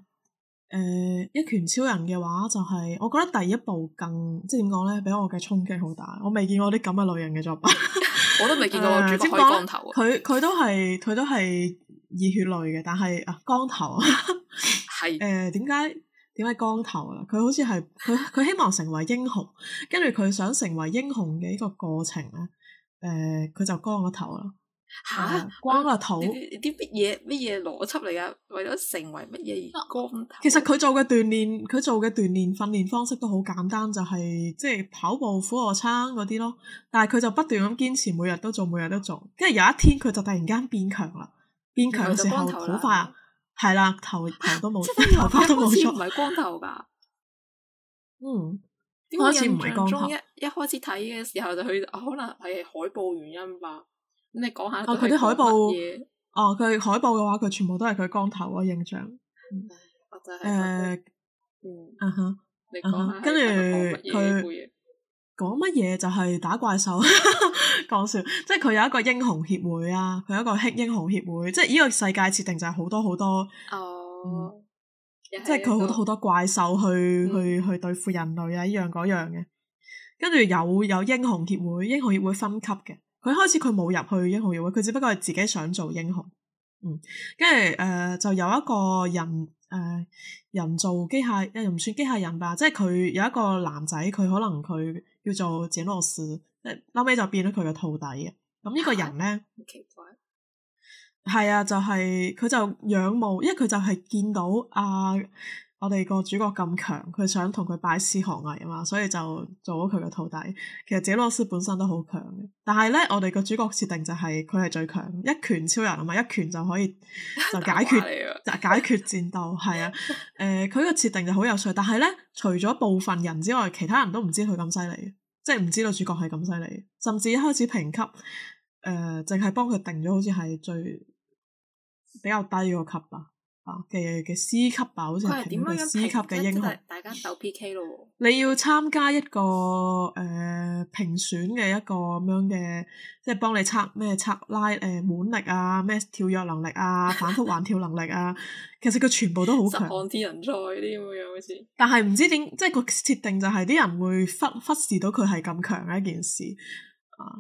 誒，《一拳超人》嘅話就係、是，我覺得第一部更即係點講咧，俾、就是、我嘅衝擊好大。我未見過啲咁嘅類型嘅作品， <laughs> 我都未見過。點講咧？佢佢、啊、都係佢都係熱血類嘅，但係啊，光頭係誒，點 <laughs> 解是？ <laughs> 呃點解光頭啦？佢好似係佢佢希望成為英雄，跟住佢想成為英雄嘅呢個過程咧，誒、呃，佢就光個頭啦。吓、啊，光個頭？啲乜嘢乜嘢邏輯嚟㗎？為咗成為乜嘢而光頭？其實佢做嘅鍛煉，佢做嘅鍛煉訓練方式都好簡單，就係、是、即係跑步、俯臥撐嗰啲咯。但係佢就不斷咁堅持，每日都做，每日都做。跟住有一天佢就突然間變強啦，變強嘅時候好快、啊。係啦，頭頭都冇，頭髮都冇，唔係光頭噶。嗯，點解？我印象中一一開始睇嘅時候就去，可能係海報原因吧。咁你講下哦，佢啲海報，哦，佢海報嘅話，佢全部都係佢光頭嘅印象。誒，嗯，啊哈，你講下，跟住佢。講乜嘢就係打怪獸，講， <laughs> 笑，即係佢有一個英雄協會啊，佢有一個輕英雄協會，即係呢個世界設定就係好多好多哦，嗯、即係佢好多好多怪獸去、嗯、去去對付人類啊，依樣嗰樣嘅，跟住有有英雄協會，英雄協會分級嘅，佢開始佢冇入去英雄協會，佢只不過係自己想做英雄，嗯，跟住誒就有一個人誒、呃、人造機械又唔、呃、算機械人吧，即係佢有一個男仔，佢可能佢。叫做剪落士，誒，後尾就變咗佢嘅徒弟嘅。咁呢個人咧，好奇怪，係 <music> 啊，就係、是、佢就仰慕，因為佢就係見到啊。我哋個主角咁強，佢想同佢拜師學藝啊嘛，所以就做咗佢嘅徒弟。其實傑羅斯本身都好強嘅，但係咧，我哋個主角設定就係佢係最強，一拳超人啊嘛，一拳就可以就解決就解決戰鬥。係 <laughs> 啊，誒、呃，佢個設定就好有趣。但係咧，除咗部分人之外，其他人都唔知佢咁犀利，即係唔知道主角係咁犀利。甚至一開始評級，誒、呃，淨係幫佢定咗，好似係最比較低個級啊。嘅嘅、啊、C 級吧，好似係評個 C 級嘅英雄。大家鬥 P K 咯。你要參加一個誒評、呃、選嘅一個咁樣嘅，即係幫你測咩測拉誒滿、呃、力啊，咩跳躍能力啊，反覆橫跳能力啊， <laughs> 其實佢全部都好強。抗天人才啲咁嘅樣，好似。但係唔知點，即係個設定就係啲人會忽忽視到佢係咁強嘅一件事。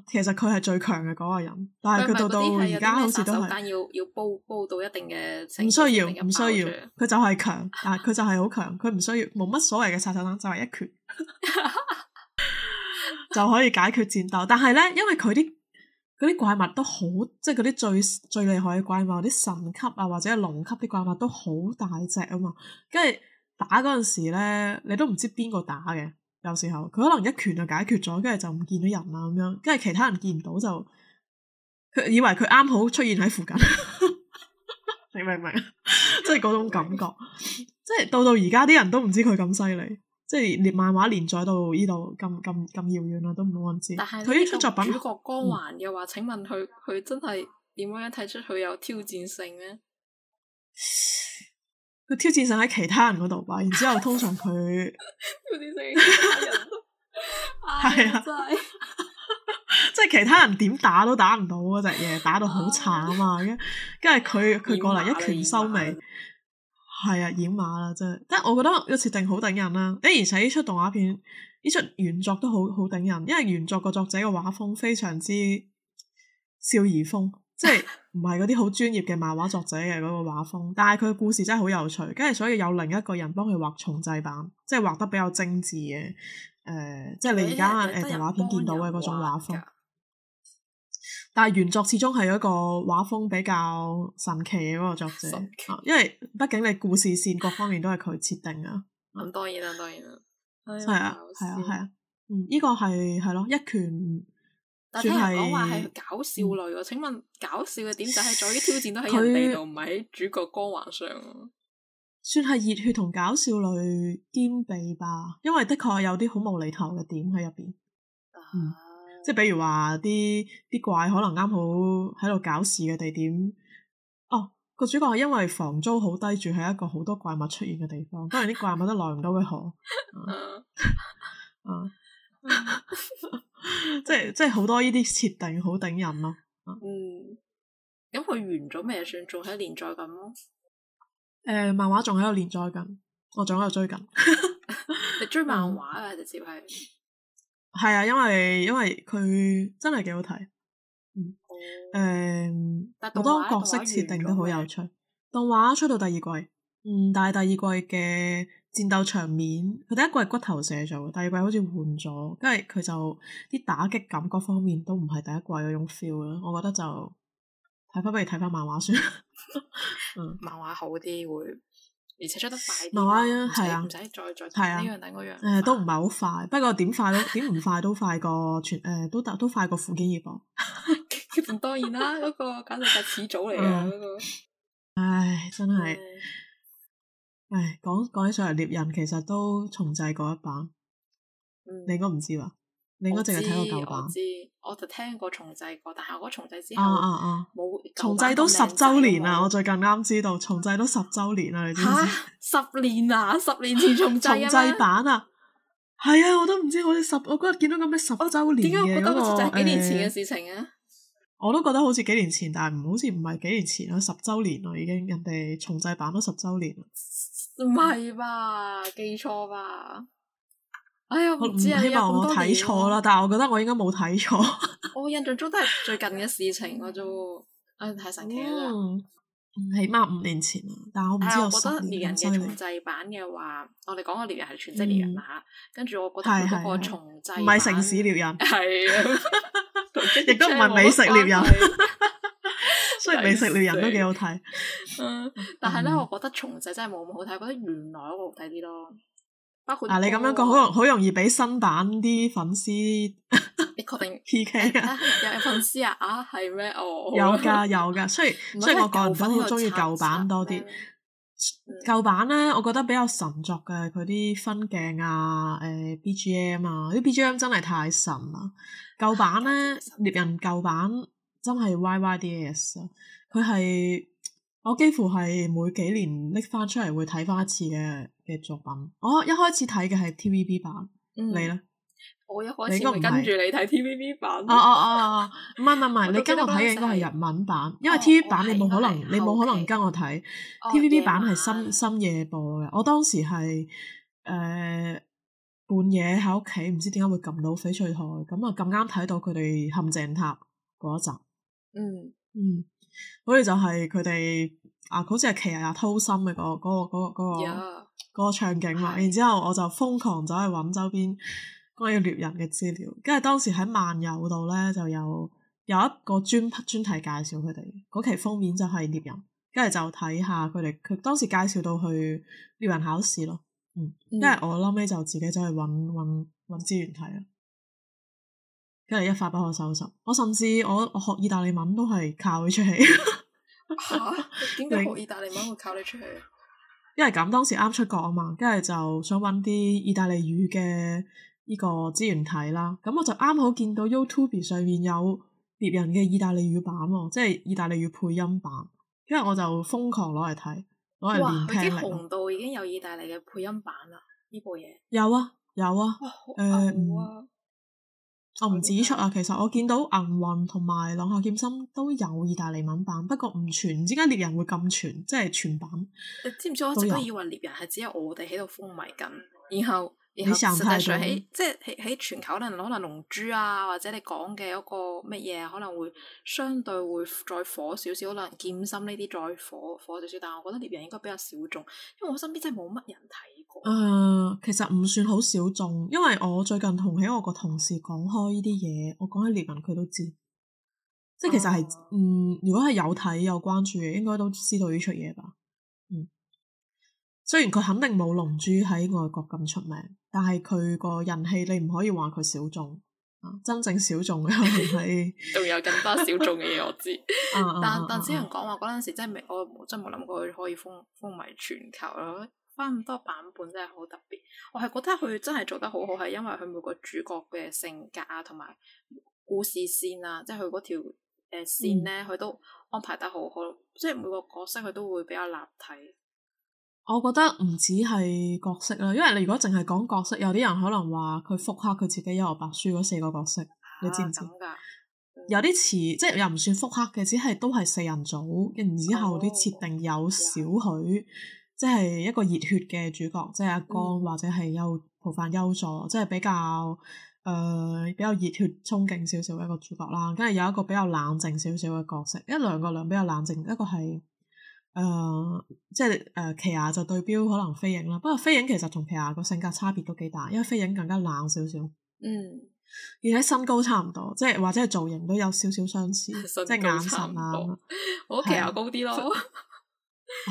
其實佢係最強嘅嗰個人，但係佢到到而家好似都係。要要煲煲到一定嘅程度。唔需要，唔需要。佢就係強， <laughs> 但佢就係好強，佢唔需要，冇乜所謂嘅殺手鐧，就係、係、一拳 <laughs> 就可以解決戰鬥。但係咧，因為佢啲啲怪物都好，即係嗰啲最最厲害嘅怪物，啲神級啊，或者係龍級啲怪物都大隻好大隻啊嘛，跟住打嗰陣時咧，你都唔知邊個打嘅。有時候佢可能一拳就解決咗，跟住就唔見到人啦咁樣，跟住其他人見唔到就，佢以為佢啱好出現喺附近， <laughs> <laughs> 你明唔明？ <laughs> 即係嗰種感覺，即係到到而家啲人都唔知佢咁犀利，即係連漫畫連載到呢度咁咁咁遙遠啦，都唔多人知。但係佢呢出作品個主角光環嘅話、嗯，請問佢佢真係點樣睇出佢有挑戰性咧？佢挑戰上喺其他人嗰度吧，然之後通常佢挑戰上其他人，係啊，真係，即係其他人點打都打唔到嗰隻嘢，那個、打到好慘啊！跟跟住佢佢過嚟一拳收尾，係 <laughs> 啊，掩馬啦真， <laughs> 但係我覺得個設定好頂人啦，而且呢出動畫片呢出原作都好好頂人，因為原作個作者個畫風非常之少兒風。 <laughs> 即係唔係嗰啲好專業嘅漫畫作者嘅嗰、嗰個畫風，但係佢嘅故事真係好有趣，跟住所以有另一個人幫佢畫重製版，即係畫得比較精致嘅，誒、呃，即係你而家誒動畫片見到嘅嗰種畫風。但係原作始終係一個畫風比較神奇嘅嗰個作者，因為畢竟你故事線各方面都係佢設定啊，咁當然啦，當然啦，係 <laughs> 啊，係 <laughs> 啊，係 <laughs> 啊，啊 <laughs> 嗯，呢、呢個係係咯一拳。但聽人講話係搞笑類喎？嗯、請問搞笑嘅點就係所有挑戰都喺人哋度，唔喺 <laughs> 他 主角光環上。算係熱血同搞笑類兼備吧？因為的確有啲好無厘頭嘅點喺入邊。即係比如話啲啲怪可能啱好喺度搞事嘅地點。哦，個主角係因為房租好低，住喺一個好多怪物出現嘅地方。當然啲怪物都耐唔到佢可。啊、 <laughs> uh！ <laughs> <laughs> 即係即係好多呢啲設定好頂人咯，啊。嗯，咁佢完咗咪算，仲喺連載緊咯。誒、呃，漫畫仲喺度連載緊，我仲喺度追緊。 <laughs> <laughs> 你追漫畫啊？直接係係啊，因為因為佢真係幾好睇。嗯，誒、嗯，好多角色設定都好有趣。動畫出到第二季，嗯，但係第二季嘅戰鬥場面，佢第一季係骨頭寫咗，第二季好似換咗，因為佢就啲打擊感各方面都唔係第一季嗰種 feel 啦。我覺得就睇翻，不如睇翻漫畫先。嗯，漫畫好啲會，而且出得快。漫畫啊，係啊，唔使再再睇呢樣睇嗰樣，誒，都唔係好快，不過點快都點唔快都快過全誒，都都快過富堅義博噃。當然啦，嗰個簡直係始祖嚟嘅嗰個。唉，真係。唉，講講起上嚟，獵人其實都重製過一版，嗯、你應該唔知吧？你應該淨係睇過舊版。我知，我就聽過重製過，但係我重製之後，啊啊啊，冇重製都十週年啦！我最近啱知道重製都十週年啦。以，你知唔知？啊？十年啊！十年前重重製版啊，係 <laughs> <laughs> 版啊， <laughs> 啊！我都唔知我啲十，我嗰日見到咁嘅十週年嘅我，誒，幾年前嘅事情啊！我都覺得好似幾年前，但係唔好似唔係幾年前啦，十周年啦已經，人哋重製版都十周年啦。唔係吧？記錯吧？哎呀，我唔知啊，我睇錯啦，錯哎、但係我覺得我應該冇睇錯。 <laughs> 我印象中都係最近嘅事情嘅啫，誒、 <laughs> 哎、太神奇啦。嗯起碼五年前啊，但係我唔知，我覺得。獵人嘅重製版嘅話，我哋講個獵人係全職獵人啦吓，跟住我覺得嗰、嗯哦啊、個重製唔係城市獵人，係啊，亦都唔係美食獵人， <laughs> <laughs> 雖然美食獵人都幾好睇， <laughs> <laughs> 但係咧，我覺得重製真係冇咁好睇，覺得 <laughs> 原來個好睇啲咯。嗱、啊，你咁樣講好容好容易俾新版啲粉絲， <laughs> 你確定 P K 啊？有粉絲啊？啊 <laughs> 以，係咩？哦，有噶有噶，所以所以我個人都好中意舊版多啲。舊、嗯、版咧，我覺得比較神作嘅，佢啲分鏡啊，誒、呃、B G M 啊，啲、哎、B G M 真係太神啦。舊版咧，獵 <laughs> 人舊版真係 Y Y D S 啊，佢係。我幾乎係每幾年拎翻出嚟，會睇翻一次嘅嘅作品。我一開始睇嘅係 TVB 版，你咧？我一開始跟住你睇 TVB 版。哦哦哦哦，唔係唔係，你跟我睇嘅應該係日文版，因為 TV 版你冇可能，你冇可能跟我睇 TVB 版係深深夜播嘅。我當時係誒半夜喺屋企，唔知點解會撳到翡翠台，咁啊咁啱睇到佢哋陷阱塔嗰一集。嗯嗯。好似就係佢哋啊，好似係、啊《奇俠偷心、嗰個》嘅嗰嗰個嗰、嗰個嗰個嗰個場景嘛。的然之後我就瘋狂走去搵周邊關於獵人嘅資料，跟住當時喺漫遊度咧就有有一個專專題介紹佢哋，嗰期封面就係獵人，跟住就睇下佢哋佢當時介紹到去獵人考試咯。嗯，跟住、嗯、我後尾就自己走去搵搵搵資源睇啦。跟住一發不可收拾，我甚至我我學意大利文都係靠呢出戲。吓 <laughs> 、啊？點解學意大利文會靠呢出戲？因為咁當時啱出國啊嘛，跟住就想搵啲意大利語嘅呢個資源睇啦。咁我就啱好見到 YouTube 上面有獵人嘅意大利語版喎、哦，即係意大利語配音版。跟住我就瘋狂攞嚟睇，攞嚟練聽力。紅到已經有意大利嘅配音版啦，呢部嘢，有啊，有啊，誒我唔指出啊，其實我見到《銀魂》同埋《浪客劍心》都有意大利文版，不過唔全。之間《獵人》會咁全，即係全版。你知唔知我一直都以為《獵人》係只有我哋喺度風靡緊，然後然後你實際上喺即係喺喺全球可能可能龍珠啊或者你講嘅一個乜嘢可能會相對會再火少少，可能劍心呢啲再火火少少，但係我覺得《獵人》應該比較小眾，因為我身邊真係冇乜人睇。誒、嗯，其實唔算好小眾，因為我最近同起我個同事講開呢啲嘢，我講起獵人，佢都知，即係其實係，嗯，嗯，如果係有睇有關注嘅，應該都知道呢出嘢吧。嗯，雖然佢肯定冇龍珠喺外國咁出名，但係佢個人氣你唔可以話佢小眾，真正小眾嘅係，仲有更多小眾嘅嘢我知、 <laughs> 嗯 <laughs> 但。但但只係講話嗰陣時真係未，我真係冇諗過佢可以風風靡全球咯。翻咁多版本真係好特別，我係覺得佢真係做得好好，係因為佢每個主角嘅性格啊，同埋故事線啊，即係佢嗰條誒線咧，佢都安排得好好，即係、嗯、每個角色佢都會比較立體。我覺得唔止係角色啦，因為你如果淨係講角色，有啲人可能話佢復刻佢自己《幽遊白書》嗰四個角色，啊、你知唔知？嗯、有啲似，即係又唔算復刻嘅，只係都係四人組，然之後啲設定有少許。哦嗯嗯即係一個熱血嘅主角，即係阿光，或者係浦飯幽助，即係比較誒、呃、比較熱血、憧憬少少一個主角啦。跟住有一個比較冷靜少少嘅角色，一兩個兩個比較冷靜，一個係誒、呃、即係誒，奇、呃、亞就對標可能飛影啦。不過飛影其實同奇亞個性格差別都幾大，因為飛影更加冷少少。嗯，而且身高差唔多，即係或者係造型都有少少相似，即係眼神啊。我奇亞高啲咯。是 <laughs>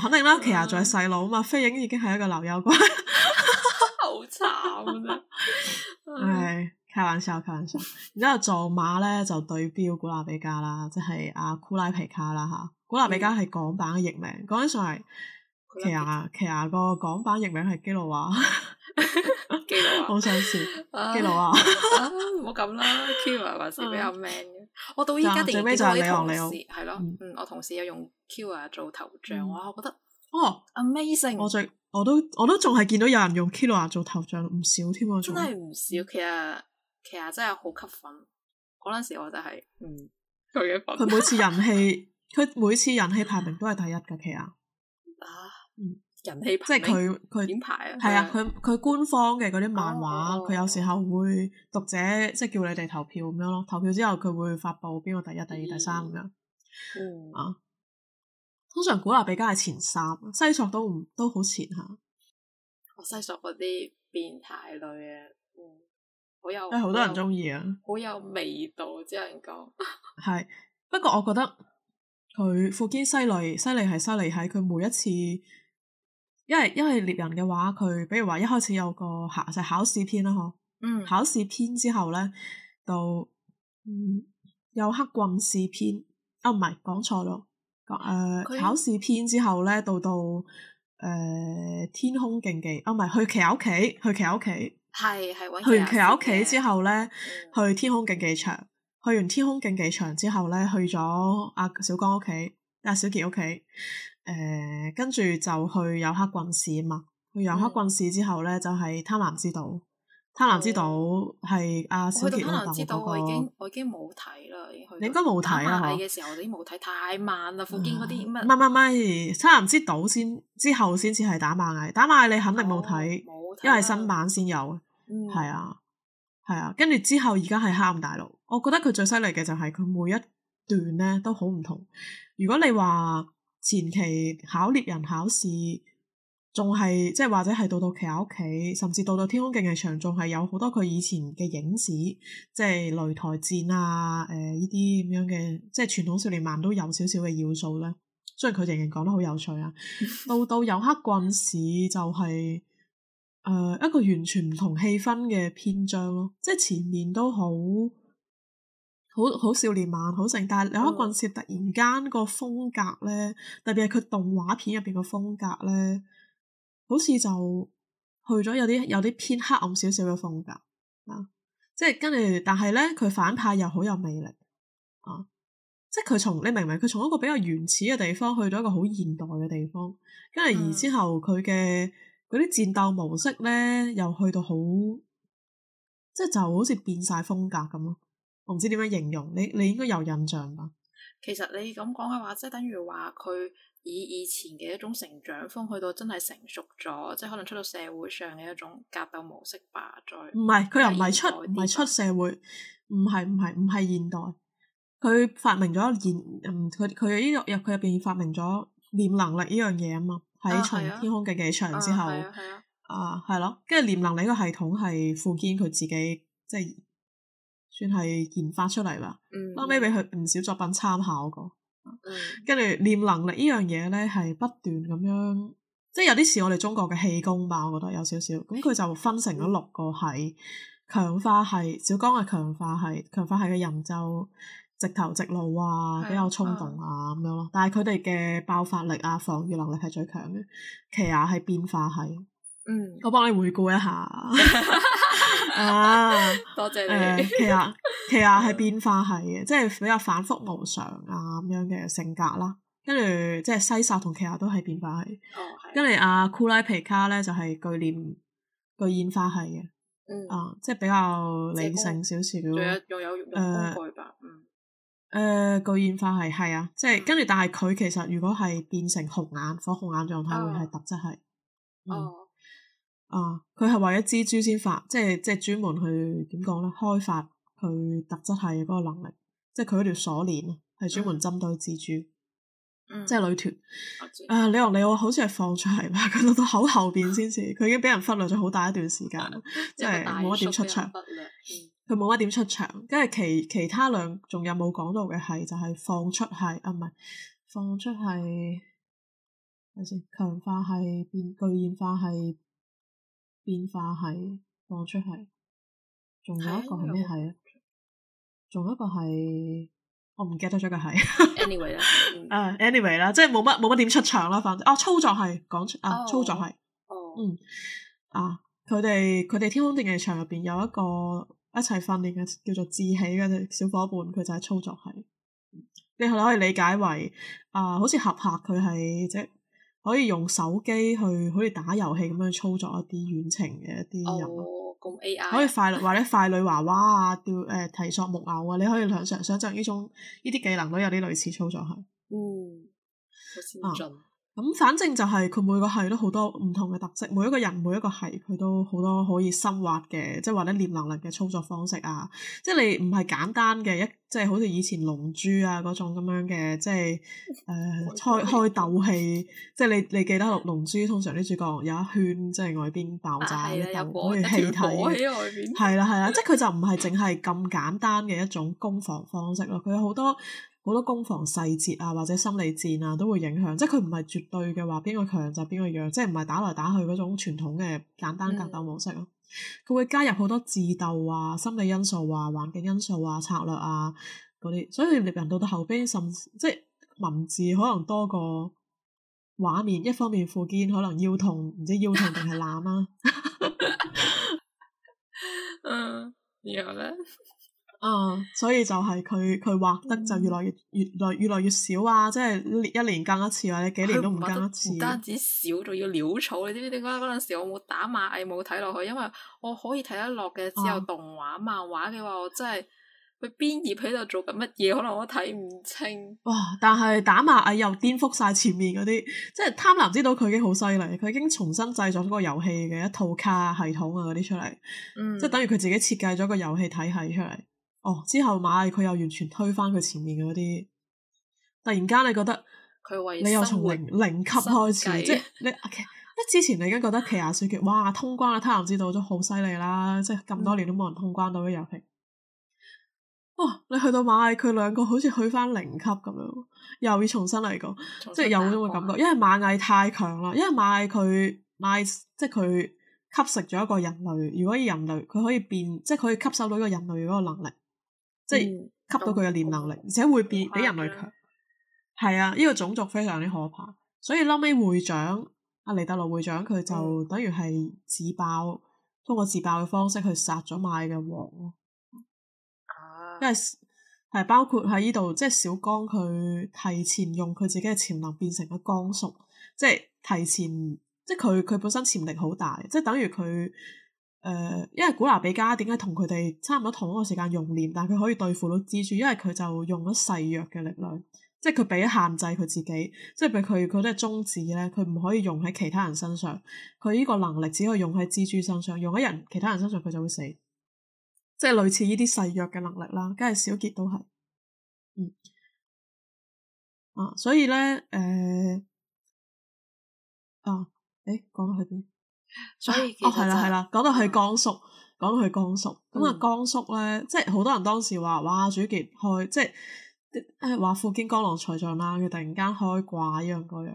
肯定啦，其實仲係細佬嘛，飛影已經係一個老妖鬼， <laughs> <laughs> <laughs> 好慘慘啊！唉、 <laughs> <laughs> 哎，開玩笑，開玩笑。然之後做馬，呢，撞馬咧就對標古納比加啦，即係阿酷拉皮卡啦吓、啊。古納比加係港版嘅譯名，嗯、講起上嚟。奇亞，奇亞個港版譯名係基路華，基路華，好想笑。基路華，唔好咁啦，Q 啊，還是比較 man 嘅。我到依家仍然見到啲同事，係咯，嗯，我同事有用 Q 啊做頭像，哇，我覺得，哦，amazing，我最，我都，我都仲係見到有人用基路華做頭像，唔少添啊，真係唔少。其實，其實真係好吸粉。嗰陣時我就係，嗯，佢嘅粉，每次人氣，佢每次人氣排名都係第一嘅奇亞，啊。嗯，人氣即係佢佢點排啊？係是啊，啊，佢佢官方嘅嗰啲漫畫，佢、哦、有時候會讀者即係、就是、叫你哋投票咁樣咯。投票之後佢會發布邊個第一、第二、第三噶。嗯，啊，通常庫拉皮卡係前三，西索都唔都好前下。哦，西索嗰啲變態類嘅、嗯，好有，誒，好多人中意啊，好有味道，只能講。係， <laughs> 不過我覺得佢富堅犀利犀利係犀利喺佢每一次。因為因為獵人嘅話，佢比如話一開始有個、就是、考就、嗯、考試篇啦，嗬。嗯。試哦呃、用考試篇之後咧，到有黑棍事篇，啊唔係講錯咯，誒考試篇之後咧，到到誒、呃、天空競技，啊唔係去奇犽屋企，去奇犽屋企，係係是去完奇犽屋企之後咧，嗯、去天空競技場，去完天空競技場之後咧，去咗阿小江屋企，阿、啊、小傑屋企。誒，跟住、嗯、就去有克郡市啊嘛。去有克郡市之後咧，就係貪婪之島。貪婪之島係阿小奇嗰、那個。去到貪婪之島，我已經我已經冇睇啦，已經應該。應該冇睇啊，係。螞蟻嘅時候我哋冇睇，太慢啦。附近嗰啲乜？乜乜、啊，唔咪，貪婪之島先之後先至係打螞蟻，打螞蟻你肯定冇睇，哦、因為新版先有，係、嗯、啊係、嗯嗯、啊。跟住之後而家係黑暗大陸，我覺得佢最犀利嘅就係佢每一段咧都好唔同。如果你話，前期考獵人考試，仲係即係或者係到到騎喺屋企，甚至到到天空競技場，仲係有好多佢以前嘅影子，即係擂台戰啊，誒呢啲咁樣嘅，即係傳統少年漫都有少少嘅要素呢。雖然佢仍然講得好有趣啊， <laughs> 到到有黑棍史就係、是、誒、呃、一個完全唔同氣氛嘅篇章咯，即係前面都好。好好少年漫好盛。但係《亮黑棍士》突然間個風格咧，特別係佢動畫片入邊個風格咧，好似就去咗有啲有啲偏黑暗少少嘅風格啊！即係跟住，但係咧佢反派又好有魅力啊！即係佢從你明唔明？佢從一個比較原始嘅地方去到一個好現代嘅地方，跟住而之後佢嘅嗰啲戰鬥模式咧，又去到好即係就好似變晒風格咁咯～我唔知點樣形容，你你應該有印象吧？其實你咁講嘅話，即係等於話佢以以前嘅一種成長風，去到真係成熟咗，即係可能出到社會上嘅一種格鬥模式吧。再唔係佢又唔係出唔係出社會，唔係唔係唔係現代。佢發明咗念，佢佢呢個入佢入邊發明咗念能力呢樣嘢啊嘛，喺從天空競技場之後，啊係咯，跟住念能力個系統係富堅佢自己即係算係研發出嚟啦，嗯、後屘俾佢唔少作品參考過，跟住、嗯、念能力呢樣嘢咧，係不斷咁樣，即係有啲似我哋中國嘅氣功吧，我覺得有少少。咁佢就分成咗六個系，強化系，小傑係強化系，強化系嘅人就直頭直路啊，比較衝動啊咁樣咯。嗯、但係佢哋嘅爆發力啊，防禦能力係最強嘅。奇犽係變化系，嗯，我幫你回顧一下。 <laughs> 啊！多謝你。奇亞，奇亞係變化係嘅，即係比較反覆無常啊咁樣嘅性格啦。跟住即係西索同奇亞都係變化系。哦，係。跟住阿庫拉皮卡咧就係具念具現化系嘅。嗯。啊，即係比較理性少少。仲有，誒，具現化，嗯。誒，具現化系係啊，即係跟住，但係佢其實如果係變成紅眼火紅眼狀態，會係特質系。哦。啊！佢係為咗蜘蛛先發，即係即係專門去點講咧？開發佢特質系嗰個能力，即係佢嗰條鎖鏈啊，係專門針對蜘蛛，嗯、即係女團。嗯、啊，你同你我好似係放出系嘛？佢到到口後邊先至，佢、嗯、已經俾人忽略咗好大一段時間，嗯、即係冇一點出場。佢冇、嗯、一點出場，跟住其其他兩仲有冇講到嘅係就係、是、放出系啊？唔係放出系咪先強化系變具現化系變化系？變化係放出係，仲有,有一個係咩係啊？仲有一個係我唔記得咗嘅係。Anyway 啦，anyway 啦，uh, anyway, 即係冇乜冇乜點出場啦，反正哦，操作係講出啊，操作係，哦，嗯，啊，佢哋佢哋天空競技場入邊有一個一齊訓練嘅叫做志喜嘅小伙伴，佢就係操作係。嗯、你可可以理解為啊，uh, 好似合拍，佢係即可以用手機去，好似打遊戲咁樣操作一啲遠程嘅一啲人，oh, that's AI. 可以快 <laughs> 或者快女娃娃啊，掉誒、呃、提索木偶啊，你可以嚮上想像，呢種呢啲技能都有啲類似操作係，嗯，好先進。Uh, 咁反正就係佢每個系都好多唔同嘅特色，每一個人每一個系佢都好多可以深挖嘅，即係或者念能力嘅操作方式啊，即係你唔係簡單嘅一，即係好似以前龍珠啊嗰種咁樣嘅，即係誒、呃、開開鬥氣，即係你你記得龍珠通常啲主角有一圈即係外邊爆炸鬥、哎，有火焰氣體，係啦係啦， <laughs> 即係佢就唔係淨係咁簡單嘅一種攻防方式咯，佢有好多。好多攻防細節啊，或者心理戰啊，都會影響。即係佢唔係絕對嘅話，邊個強就邊個弱，即係唔係打來打去嗰種傳統嘅簡單格鬥模式咯。佢、嗯、會加入好多智鬥啊、心理因素啊、環境因素啊、策略啊嗰啲。所以獵人到到後邊，甚至即係文字可能多過畫面。一方面富堅可能腰痛，唔知腰痛定係懶啊。 <laughs> <laughs> <laughs> 嗯，然後咧。啊、嗯，所以就係佢佢畫得就越來越越來越來越少啊，即係一年更一次啊，你幾年都唔更一次。唔單止少，仲要潦草。你知唔知點解嗰陣時我冇打螞蟻冇睇落去？因為我可以睇得落嘅只有動畫漫畫。嘅話我真係佢編頁喺度做緊乜嘢？可能我都睇唔清。哇！但係打螞蟻又顛覆晒前面嗰啲，即係貪婪之島佢已經好犀利，佢已經重新製咗個遊戲嘅一套卡系統啊嗰啲出嚟，嗯、即係等於佢自己設計咗個遊戲體系出嚟。哦，之後螞蟻佢又完全推翻佢前面嗰啲，突然間你覺得你又從零零級開始，即係你一之前你已經覺得《奇犽小傑》哇通關啦，他人知道都好犀利啦，即係咁多年都冇人通關到嘅遊戲。哇！你去到螞蟻佢兩個好似去翻零級咁樣，又要重新嚟過，即係有嗰種嘅感覺。因為螞蟻太強啦，因為螞蟻佢螞即係佢吸食咗一個人類。如果以人類佢可以變，即係可以吸收到一個人類嗰個能力。即係吸到佢嘅念能力，而且會變比人類強，係啊、嗯！呢、嗯這個種族非常之可怕，所以後尾會長阿尼德羅會長佢就等於係自爆，通過自爆嘅方式去殺咗買嘅王咯。因為係包括喺呢度，即、就、係、是、小傑佢提前用佢自己嘅潛能變成咗光速，即、就、係、是、提前，即係佢佢本身潛力好大，即、就、係、是、等於佢。誒、呃，因為庫拉皮卡點解同佢哋差唔多同一個時間熔煉，但係佢可以對付到蜘蛛，因為佢就用咗誓約嘅力量，即係佢俾咗限制佢自己，即係譬如佢佢都係中指。咧，佢唔可以用喺其他人身上，佢呢個能力只可以用喺蜘蛛身上，用喺人其他人身上佢就會死，即係類似呢啲誓約嘅能力啦。梗係小傑都係，嗯啊，所以咧誒、呃、啊，講去邊？那個所以哦，係啦係啦，講到去江蘇，講到去江蘇，咁啊、嗯、江蘇咧，即係好多人當時話，哇，小傑開即係誒，話富堅江郎才盡啦，佢突然間開掛一樣嗰樣，誒、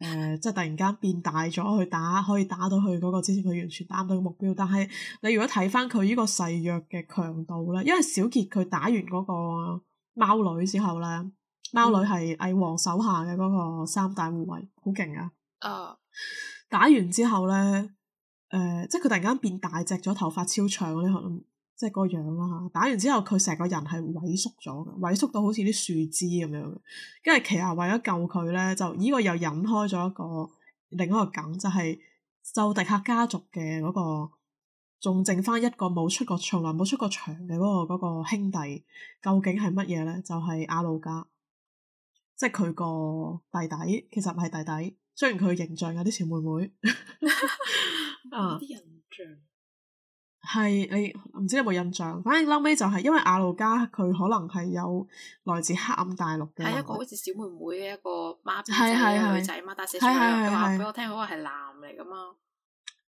呃，即係突然間變大咗，去打可以打到去嗰個之前佢完全打唔到嘅目標。但係你如果睇翻佢呢個細弱嘅強度咧，因為小傑佢打完嗰個貓女之後咧，貓、嗯、女係蟻王手下嘅嗰個三大護衛，好勁啊。誒、嗯。打完之後咧，誒、呃，即係佢突然間變大隻咗，頭髮超長嗰啲可能，即係個樣啦嚇。打完之後，佢成個人係萎縮咗，萎縮到好似啲樹枝咁樣。跟住，奇亞為咗救佢咧，就依個又引開咗一個另一個梗，就係、是、就迪克家族嘅嗰、那個，仲剩翻一個冇出過從來冇出過場嘅嗰個，個兄弟，究竟係乜嘢咧？就係、是、阿魯加，即係佢個弟弟，其實唔係弟弟。雖然佢形象有啲小妹妹，啊、 <laughs> 嗯，啲印象係你唔知有冇印象，反正嬲尾就係因為阿路加，佢可能係有來自黑暗大陸嘅，係一個好似小妹妹嘅一個孖仔女仔嘛，但係成日都佢話俾我聽，佢話係男嚟噶嘛，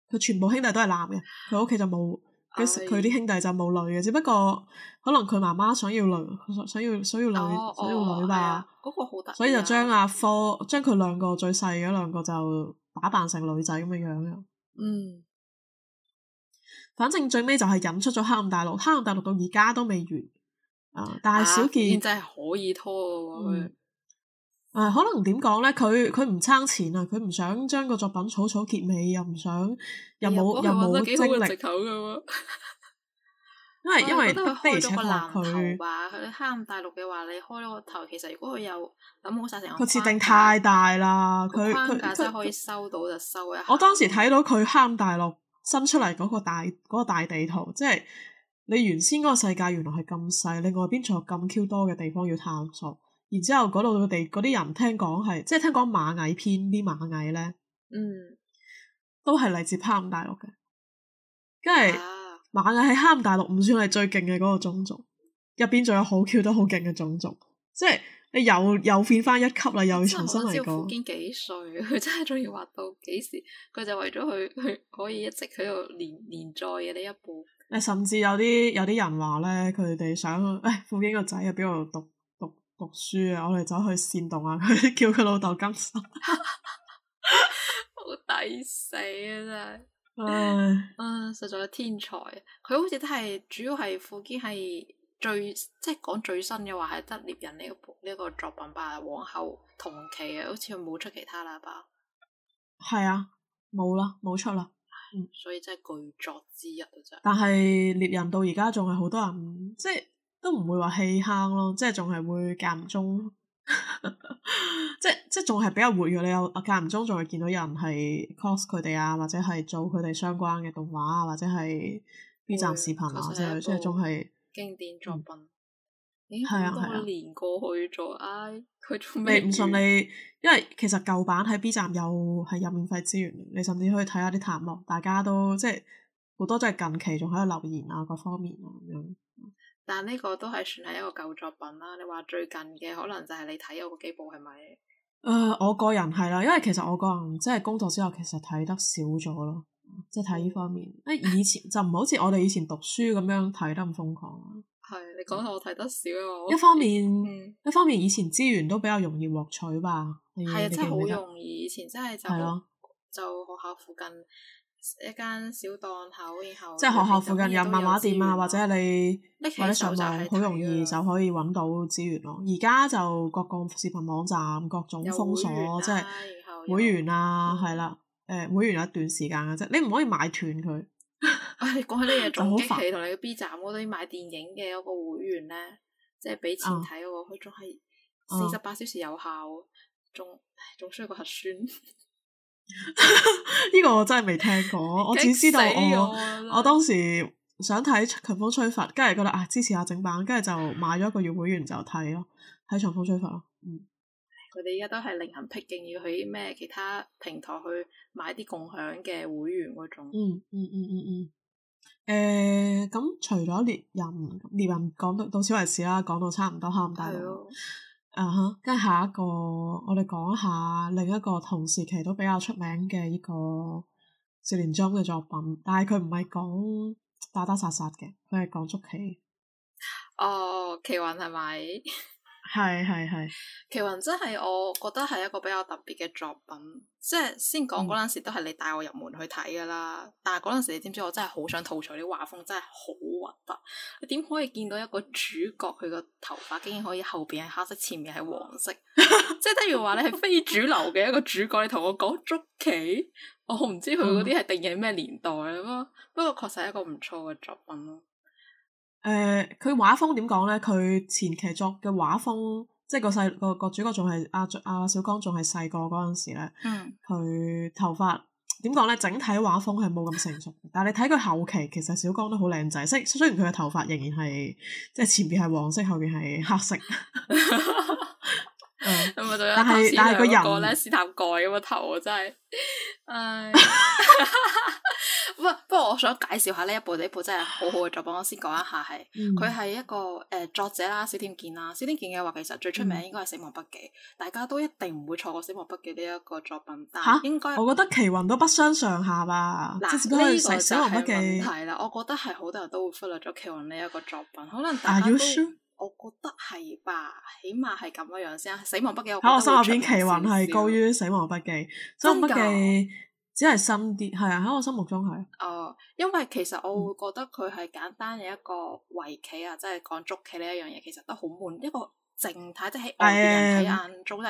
佢全部兄弟都係男嘅，佢屋企就冇。佢啲兄弟就冇女嘅，只不過可能佢媽媽想要女，想要想要女，oh, oh, 想要女吧。嗰個好得意、啊、所以就將阿科將佢兩個最細嗰兩個就打扮成女仔咁嘅樣。嗯，反正最尾就係引出咗黑暗大陸，黑暗大陸到而家都未完。啊！但係小健、啊、真係可以拖喎。啊、可能點講咧？佢佢唔撐錢啊！佢唔想將個作品草草結尾，又唔想又冇、哎、呦又冇精力。因為、嗯、因為，即係佢，且個佢喺大陸嘅話，你開咗個頭，其實如果佢有諗好晒成個，佢設定太大啦。佢他框架就可以收到就收嘅。我當時睇到佢喺大陸新出嚟嗰個大嗰、嗰個大地圖，即係你原先嗰個世界原來係咁細，你外邊仲有咁 Q 多嘅地方要探索。然之後嗰度佢哋嗰啲人聽講係，即係聽講螞蟻篇啲螞蟻咧，嗯，都係嚟自哈姆、啊、大陸嘅，跟係螞蟻喺哈姆大陸唔算係最勁嘅嗰個種族，入邊仲有好翹得好勁嘅種族，即係你又又，又變翻一級啦，又重新嚟過。唔知富堅幾歲，佢真係鍾意畫到幾時？佢就為咗佢佢可以一直喺度連連載嘅呢一部。誒，甚至有啲有啲人話咧，佢哋想誒，富堅個仔喺邊度讀？讀書啊！我哋走去煽動下佢，叫佢老豆更新， <laughs> <laughs> 好抵死啊！真係，唉，啊、嗯，實在係天才啊！佢好似都係主要係富堅係最，即係講最新嘅話係得獵人呢、這個呢、這個作品吧。皇后同期嘅、啊、好似佢冇出其他喇叭，係啊，冇啦，冇出啦，嗯、所以真係巨作之一啊！真係。但係獵人到而家仲係好多人，即係。都唔會話棄坑咯，即係仲係會間唔中， <laughs> 即係即係仲係比較活躍。你有間唔中仲會見到有人係 cos 佢哋啊，或者係做佢哋相關嘅動畫啊，或者係 B 站視頻啊，即係即係仲係經典作品。係啊係啊，年過去咗，唉、啊，佢仲未唔信你？因為其實舊版喺 B 站又係有免費資源，你甚至可以睇下啲彈幕。大家都即係好多都係近期仲喺度留言啊，各方面啊咁樣。嗯但呢個都係算係一個舊作品啦。你話最近嘅可能就係你睇嗰幾部係咪？誒、呃，我個人係啦，因為其實我個人即係工作之後其實睇得少咗咯，即係睇呢方面。誒、欸，以前 <laughs> 就唔好似我哋以前讀書咁樣睇得咁瘋狂。係，你講下我睇得少一方面， <laughs> 一方面以前資源都比較容易獲取吧。係啊，真係好容易，以前真係就、啊、就學校附近。一間小檔口，然後即係學校附近有漫畫店啊，或者你或者你上網好容易就可以揾到資源咯。而家就各個視頻網站各種封鎖，即係會員啊，係啦、啊，誒，會員有一段時間嘅啫，你唔可以買斷佢。唉 <laughs> 煩，講起呢嘢仲激氣，同你個 B 站嗰啲買電影嘅嗰個會員咧，即係俾錢睇嘅，佢仲係四十八小時有效，仲仲需要個核酸。呢 <laughs> 個我真係未聽過， <laughs> 我只知道我我當時想睇《強風吹拂》，跟住覺得啊支持下正版，跟住就買咗一個月會員就睇咯，睇《強風吹拂》咯。嗯，我哋依家都係另闢蹊徑，要去咩其他平台去買啲共享嘅會員嗰種。嗯嗯嗯嗯嗯。誒、嗯，咁、嗯嗯嗯嗯呃、除咗獵人，獵人講到到此為止啦，講到差唔多，黑暗大陸。到、哦。啊哈！跟住，uh huh. 下一個，我哋講下另一個同時期都比較出名嘅呢個少年中嘅作品，但係佢唔係講打打殺殺嘅，佢係講捉棋。哦，oh，棋魂係咪？ <laughs> 係係係，棋魂真係我覺得係一個比較特別嘅作品，即係先講嗰陣時都係你帶我入門去睇噶啦，但係嗰陣時你知唔知我真係好想吐槽啲畫風真係好核突，你點可以見到一個主角佢個頭髮竟然可以後邊係黑色，前面係黃色， <laughs> 即係等於話，你係非主流嘅一個主角，你同我講捉棋，我唔知佢嗰啲係定義咩年代咯，嗯、不過確實係一個唔錯嘅作品咯。誒，佢畫風點講咧？佢前期作嘅畫風，即係個細個個主角仲係阿阿小剛仲係細個嗰陣時咧。嗯，佢頭髮點講咧？整體畫風係冇咁成熟， <laughs> 但係你睇佢後期，其實小剛都好靚仔。雖雖然佢嘅頭髮仍然係即係前邊係黃色，後邊係黑色。 <laughs> <laughs> 嗯，同埋仲有，但係但係個人咧，屎塔蓋咁嘅頭真係。哎。 <laughs> <laughs> 唔不，不過我想介紹下呢一部呢一部真係好好嘅作品。我先講一下係，佢係、嗯、一個誒、呃、作者啦，小畑健啦，小畑健嘅話其實最出名應該係《死亡筆記》，大家都一定唔會錯過死《啊啊、死亡筆記》呢一個作品。但應該我覺得棋魂都不相上下吧。嗱，呢個《死亡筆記》係啦，我覺得係好多人都會忽略咗棋魂呢一個作品，可能大家都、啊、我覺得係吧，起碼係咁樣樣先。死點點啊死《死亡筆記》我心入邊棋魂係高於《死亡筆記》，《死亡筆記》。只係深啲，係啊！喺我心目中係。哦，因為其實我會覺得佢係簡單嘅一個圍棋啊，即係講捉棋呢一樣嘢，其實都好悶，一個靜態，即係啲人眼、哎、呀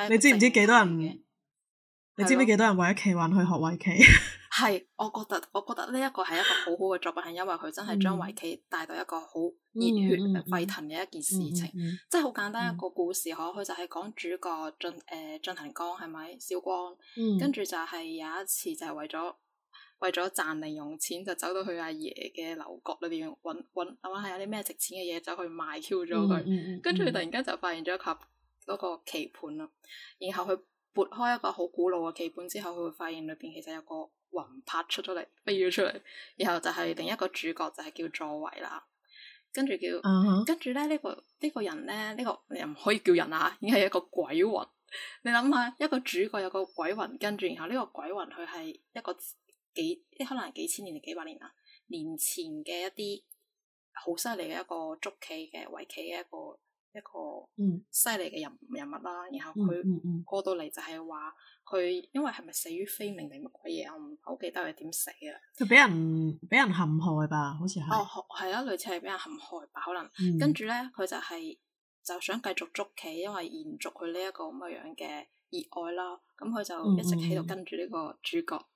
你知唔知幾多人？你知唔知幾多人為咗棋魂去學圍棋？咯 <laughs> 係，我覺得我覺得呢一個係一個好好嘅作品，係 <laughs> 因為佢真係將圍棋帶到一個好熱血沸騰嘅一件事情，即係好簡單一個故事可。佢、嗯、就係講主角進誒、欸、進行藤光係咪小光？跟住 <laughs> 就係有一次就係為咗為咗賺零用錢，就走到佢阿爺嘅樓閣裏邊揾揾，諗下有啲咩值錢嘅嘢，走去賣 Q 咗佢。跟住佢突然間就發現咗一盒嗰個棋盤啦，然後佢撥開一個好古老嘅棋盤之後，佢會發現裏邊其實有個。魂魄出咗嚟，飛咗出嚟，然後就係另一個主角就係、是、叫佐為啦，跟住叫，uh huh. 跟住咧呢、這個呢、這個人咧呢、這個你又唔可以叫人啊，已經係一個鬼魂。你諗下，一個主角有個鬼魂，跟住然後呢個鬼魂佢係一個幾，可能幾千年定幾百年啊年前嘅一啲好犀利嘅一個捉棋嘅圍棋嘅一個。一個犀利嘅人人物啦，嗯、然後佢過到嚟就係話佢，因為係咪死於非命定乜鬼嘢，我唔好記得佢點死啊。佢俾人俾人陷害吧，好似係。 <noise> 哦，係咯、啊，類似係俾人陷害吧，可能。嗯、跟住咧，佢就係就想繼續捉棋，因為延續佢呢一個咁嘅樣嘅熱愛啦。咁、嗯、佢、嗯嗯、就一直喺度跟住呢個主角。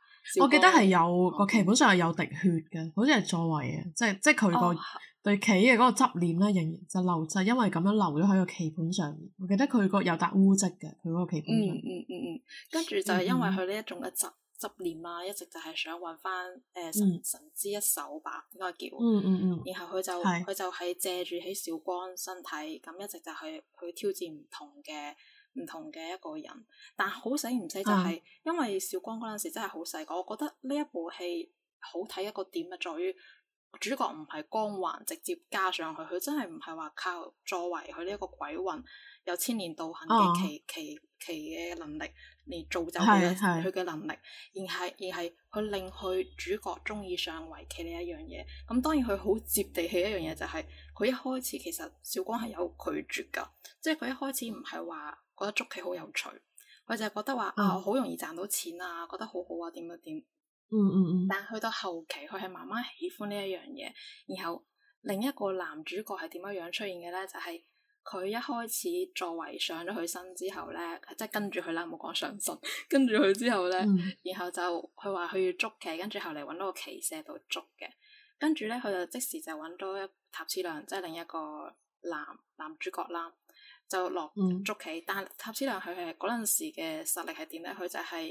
我記得係有、嗯、個棋盤上係有滴血嘅，好似係作為嘅，即係即係佢個對棋嘅嗰個執念咧，仍然就留就係，因為咁樣留咗喺個棋盤上面。我記得佢個有笪污漬嘅，佢嗰個棋盤上。嗯嗯嗯，嗯，嗯跟住就係因為佢呢一種嘅執執念啊，一直就係想揾翻誒神神之一手吧應該叫。嗯嗯嗯。嗯嗯嗯然後佢就佢是就係借住喺小光身體，咁一直就係去，去挑戰唔同嘅。唔同嘅一個人，但好死唔死就係、是，啊、因為小光嗰陣時真係好細個，我覺得呢一部戲好睇一個點咪在於主角唔係光環直接加上去，佢真係唔係話靠作為佢呢一個鬼魂有千年道行嘅奇、啊、奇奇嘅能力嚟造就佢嘅能力，而係而係佢令佢主角中意上圍棋呢一樣嘢。咁、嗯、當然佢好接地氣一樣嘢就係，佢一開始其實小光係有拒絕㗎，即係佢一開始唔係話。嗯覺得捉棋好有趣，佢就係覺得話啊，好、啊、容易賺到錢啊，覺得好好啊，點樣點。嗯嗯嗯。但係去到後期，佢係慢慢喜歡呢一樣嘢。然後另一個男主角係點樣樣出現嘅咧？就係、是、佢一開始作為上咗佢身之後咧，即、就、係、是、跟住佢啦，冇講上身，跟住佢之後咧、嗯，然後就佢話佢要捉棋，跟住後嚟搵到個棋社度捉嘅。跟住咧，佢就即時就搵到一塔矢亮，即、就、係、是、另一個男男主角啦。就落捉棋，但塔斯亮佢係嗰陣時嘅實力係點咧？佢就係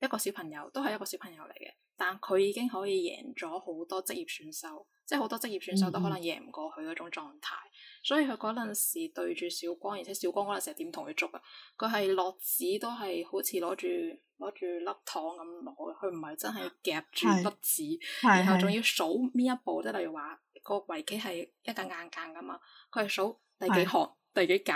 一個小朋友，都係一個小朋友嚟嘅。但佢已經可以贏咗好多職業選手，即係好多職業選手都可能贏唔過佢嗰種狀態。嗯嗯。所以佢嗰陣時對住小光，而且小光嗰陣時係點同佢捉噶？佢係落子都係好似攞住攞住粒糖咁攞，佢唔係真係夾住粒子，是然後仲要數呢一步，即係是例如話、個圍棋係一格硬間噶嘛，佢係數第幾行。是第幾格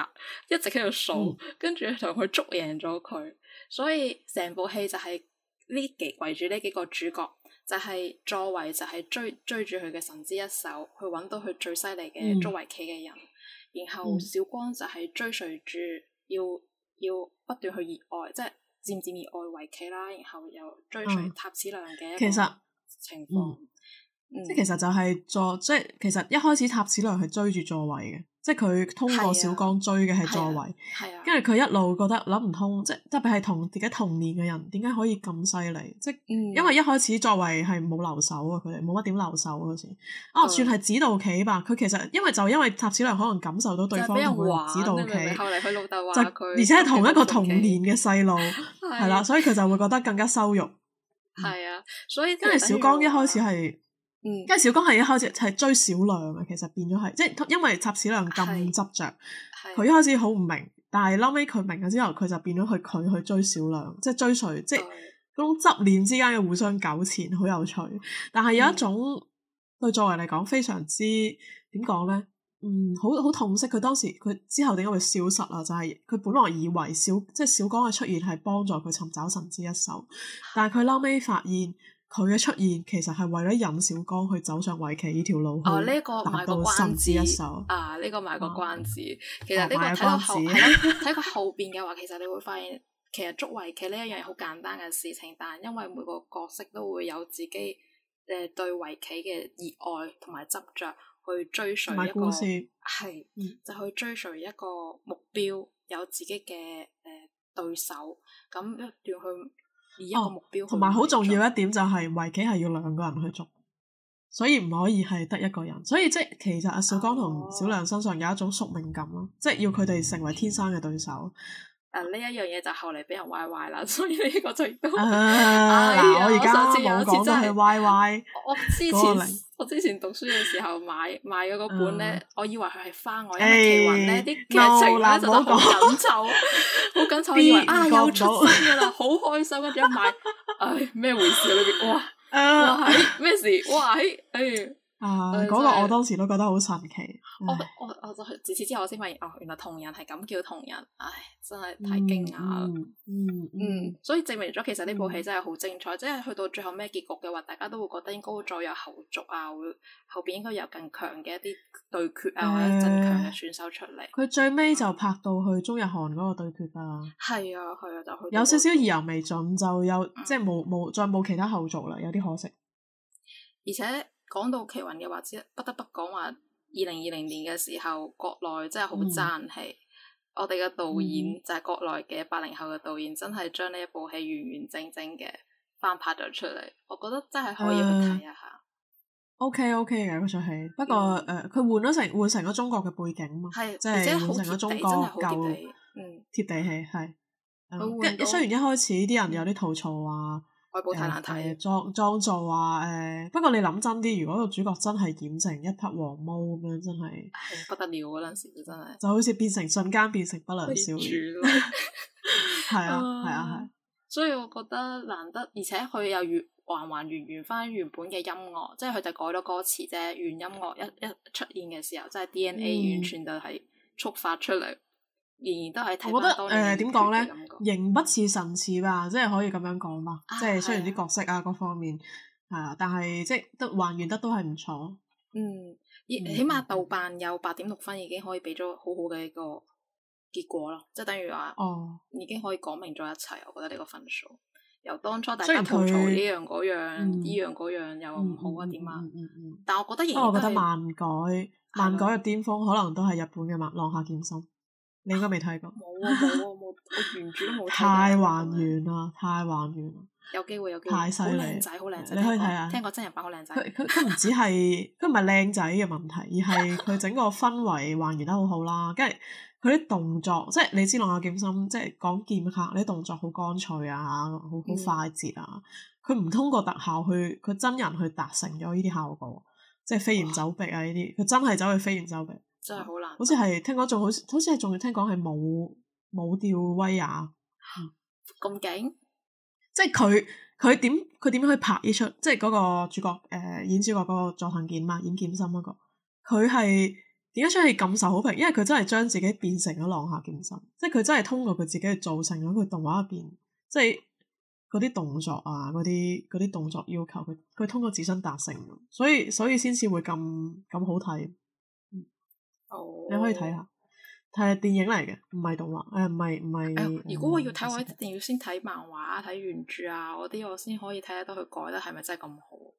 一直喺度數，跟住同佢捉贏咗佢，所以成部戲就係呢幾圍住呢幾個主角，就係作為就係追追住佢嘅神之一手去揾到佢最犀利嘅捉圍棋嘅人，嗯、然後小光就係追隨住要要不斷去熱愛，即、就、係、是、漸漸熱愛圍棋啦，然後又追隨塔矢亮嘅一個情況。嗯。即係、嗯、其實就係佐為，即係其實一開始塔矢亮係追住佐為嘅，即係佢通過小光追嘅係佐為，跟住佢一路覺得諗唔通，即係特別係同自己同年嘅人，點解可以咁犀利？即係、嗯、因為一開始佐為係冇留守，留守，留守、嗯、啊，佢哋冇乜點留守嗰時，哦算係指導棋吧。佢其實因為就因為塔矢亮可能感受到對方會指導棋，明明後嚟佢老豆話，而且係同一個同年嘅細路，係啦 <laughs> 的， <laughs> 所以佢就會覺得更加羞辱。係、嗯、 <laughs> 啊，所以因為小光一開始係。嗯，跟住小光係一開始係追小亮啊，其實變咗係即係因為插小亮咁執着，佢是一開始好唔明，但係嬲尾，佢明咗之後，佢就變咗去佢去追小亮，即係追隨，對即係嗰種執念之間嘅互相糾纏，好有趣。但係有一種、嗯、對作為嚟講非常之點講咧，嗯，好好痛惜佢當時佢之後點解會消失啊？就係、是、佢本來以為小即係、就是、小光嘅出現係幫助佢尋找神之一手，但係佢嬲尾發現。佢嘅出現其實係為咗任小光去走上圍棋呢條路，達到神之一手。啊、哦，呢、這個賣個關子。哦、其實呢個睇到後，係睇到後邊嘅話， <laughs> 其實你會發現，其實捉圍棋呢一樣嘢好簡單嘅事情，但因為每個角色都會有自己誒對圍棋嘅熱愛同埋執着去追隨一個，係就去追隨一個目標，有自己嘅誒、呃、對手，咁一段去。同埋好重要一點就係、是、圍棋係要兩個人去捉，嗯、所以唔可以係得一個人，所以即係其實阿小光同小亮身上有一種宿命感咯，哦、即係要佢哋成為天生嘅對手。呢一樣嘢就後嚟畀人歪歪啦，所以呢個最多。啊，我而有一次真係歪歪。我之前我之前讀書嘅時候買買咗個本咧，我以為佢係番外，因為棋魂咧啲劇情咧就得好緊湊，好緊湊，以為啊又出新噶啦，好開心。跟住一買，唉咩回事你哋？哇哇喺咩事？哇喺唉。啊！嗰個我當時都覺得好神奇。我我我就係自此之後，我先發現哦，原來同人係咁叫同人，唉，真係太驚訝。嗯嗯。所以證明咗其實呢部戲真係好精彩，即係去到最後咩結局嘅話，大家都會覺得應該會再有後續啊，會後邊應該有更強嘅一啲對決啊，或者更強嘅選手出嚟。佢最尾就拍到去中日韓嗰個對決啊！係啊，係啊，就去。有少少意猶未盡，就有即係冇冇再冇其他後續啦，有啲可惜。而且。講到棋魂嘅話，之不得不講話，二零二零年嘅時候，國內真係好爭氣。嗯、我哋嘅導演、嗯、就係國內嘅八零後嘅導演，真係將呢一部戲完完整整嘅翻拍咗出嚟。我覺得真係可以去睇一下。O K O K 嘅嗰出戲，不過誒，佢換咗成換成個中國嘅背景嘛，是就是、即係成個中國真係好，貼地氣係。跟雖然一開始啲人，人有啲吐槽話。啊啊我冇太難睇，裝裝造啊！誒，不過你諗真啲，如果個主角真係染成一匹黃毛咁樣，真係不得了嗰陣時，真係就好似變成瞬間變成不良少年，係啊係啊係！所以我覺得難得，而且佢又還還原原翻原本嘅音樂，即係佢就改咗歌詞啫，原音樂一一出現嘅時候，即係 DNA 完全就係觸發出嚟。仍然都係睇得。我覺得誒點講咧，形不似神似吧，即係可以咁樣講嘛。即係雖然啲角色啊各方面係啊，但係即係都還原得都係唔錯。嗯，起碼豆瓣有八點六分已經可以俾咗好好嘅一個結果咯，即係等於話哦，已經可以講明咗一切。我覺得呢個分數由當初大家吐槽呢樣嗰樣呢樣嗰樣又唔好啊點啊，但我覺得，因為我覺得漫改漫改嘅巔峰可能都係日本嘅《浪客劍心》。你應該未睇過，冇啊冇啊我完全都冇睇。太還原啦，太還原。有機會有機會，太犀利！仔，好靚仔， <laughs> 你可以睇下。聽過真人版好靚仔。佢佢唔只係佢唔係靚仔嘅問題，而係佢整個氛圍還原得好好啦。跟住佢啲動作，即係 <laughs> 你知啦，阿劍心即係講劍客，啲動作好乾脆啊，好好快捷啊。佢唔、嗯、通過特效去，佢真人去達成咗呢啲效果， <laughs> 即係飛檐走壁啊呢啲，佢真係走去飛檐走壁。哇真係好難，好似係聽講仲好似好似係仲要聽講係冇冇吊威亞，咁勁，嗯！即係佢佢點佢點樣去拍呢齣？即係嗰個主角誒、呃、演主角嗰個佐藤健嘛，演劍心嗰個，佢係點解出戲咁受好評？因為佢真係將自己變成咗浪客劍心，即係佢真係通過佢自己去造成咗佢動畫入邊，即係嗰啲動作啊，嗰啲嗰啲動作要求，佢佢通過自身達成，所以所以先至會咁咁好睇。你可以睇下，睇下電影嚟嘅，唔係動畫，誒，唔係唔係。如果我要睇，我一定要先睇漫畫、睇原著啊，嗰啲我先可以睇得到佢改得係咪真係咁好？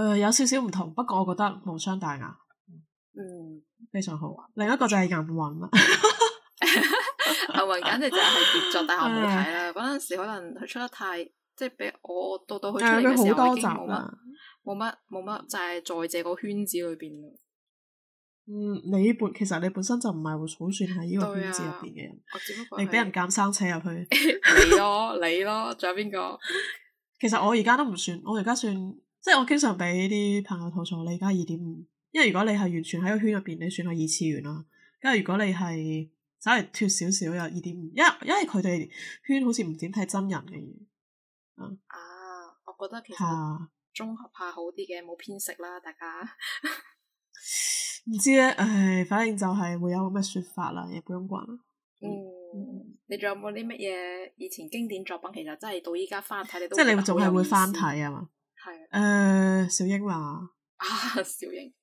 誒，有少少唔同，不過我覺得無傷大雅，嗯，非常好玩。另一個就係《銀魂》啦，《銀魂》簡直就係傑作，但係我冇睇啦。嗰陣時可能佢出得太，即係俾我到到佢出得好多集啊，已冇乜，冇乜，冇乜，就係在這個圈子裏邊。嗯，你本其實你本身就唔係好算喺呢個圈子入邊嘅人，啊、只不過你俾人夾生扯入去，你咯 <laughs> 你咯，仲 <laughs> 有邊個？其實我而家都唔算，我而家算，即係我經常俾啲朋友吐槽，你而家二點五，因為如果你係完全喺個圈入邊，你算係二次元啦。因為如果你係稍微脫少少有二點五，因因為佢哋圈好似唔點睇真人嘅嘢，嗯、啊，我覺得其實綜合下好啲嘅，冇偏食啦，大家。 <laughs> 唔知咧，唉，反正就係會有乜説法啦，亦唔關。嗯，嗯，你仲有冇啲乜嘢以前經典作品？其實真係到依家翻睇，都覺得你都即係你仲係會翻睇係嘛？係的。誒的、呃，小英話。 <laughs> 小英。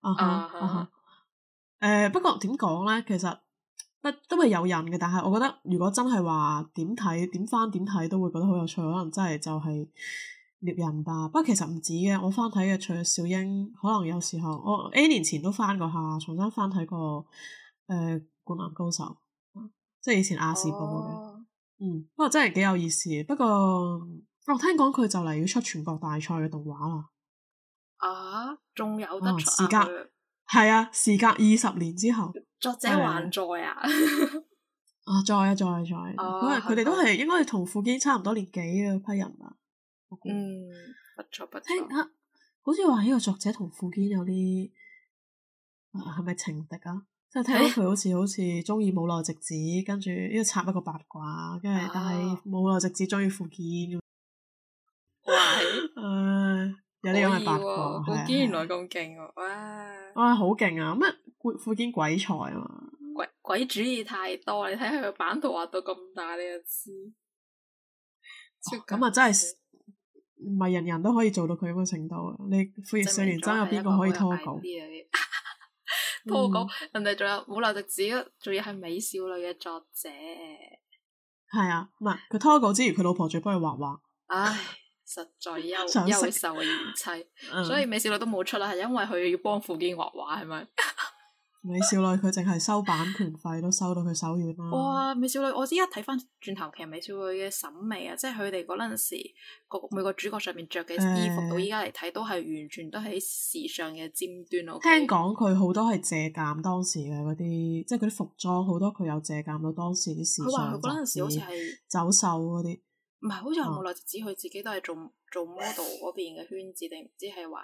啊哈誒，不過點講咧？其實不都係有人嘅，但係我覺得如果真係話點睇點翻點睇，都會覺得好有趣。可能真係就係、是。獵人吧，不過其實唔止嘅，我翻睇嘅除咗小英，可能有時候我 A 年前都翻過下，重新翻睇過誒《灌、呃、籃高手》，即係以前亞視播嘅，哦、嗯，不過真係幾有意思。不過我聽講佢就嚟要出全國大賽嘅動畫啦，啊，仲有得出、啊？時隔係啊，時隔二十年之後，作者還在啊？啊， <laughs> 啊，在啊，在啊在、啊，因為佢哋都係應該係同富堅差唔多年紀嘅一批人吧。嗯，不錯不錯。聽好似話呢個作者同富堅有啲係咪情敵啊？即、嗯、就睇到佢好似好似中意武內直子，跟住呢度插一個八卦，跟住但係武內直子中意富堅咁。有啲咁嘅八卦。富堅、啊啊、原來咁勁、啊，哇！哇，好勁啊！咁富富堅鬼才啊嘛？鬼鬼主意太多，你睇下佢版圖畫到咁大，你就知。咁啊，哦、真係。唔係人人都可以做到佢咁嘅程度，你副士山源真有邊個可以拖稿？啊、 <laughs> 拖稿，人哋仲有武內直子，仲要係美少女嘅作者。係啊，唔係佢拖稿之餘，佢老婆仲幫佢畫畫。唉，實在優優秀嘅賢妻， <laughs> 嗯、所以美少女都冇出啦，係因為佢要幫富堅畫畫，係咪？美少女佢淨係收版權費都收到佢手軟啦。哇、哦！美少女，我依家睇翻轉頭，其實美少女嘅審美啊，即係佢哋嗰陣時個每個主角上面着嘅衣服，嗯、到依家嚟睇都係完全都喺時尚嘅尖端咯。那個、聽講佢好多係借鑒當時嘅嗰啲，即係嗰啲服裝好多佢有借鑒到當時啲時尚。佢話佢嗰陣時好似係走秀嗰啲，唔係，好似係冇奈，指佢自己都係做做 model 嗰邊嘅圈子，定唔知係話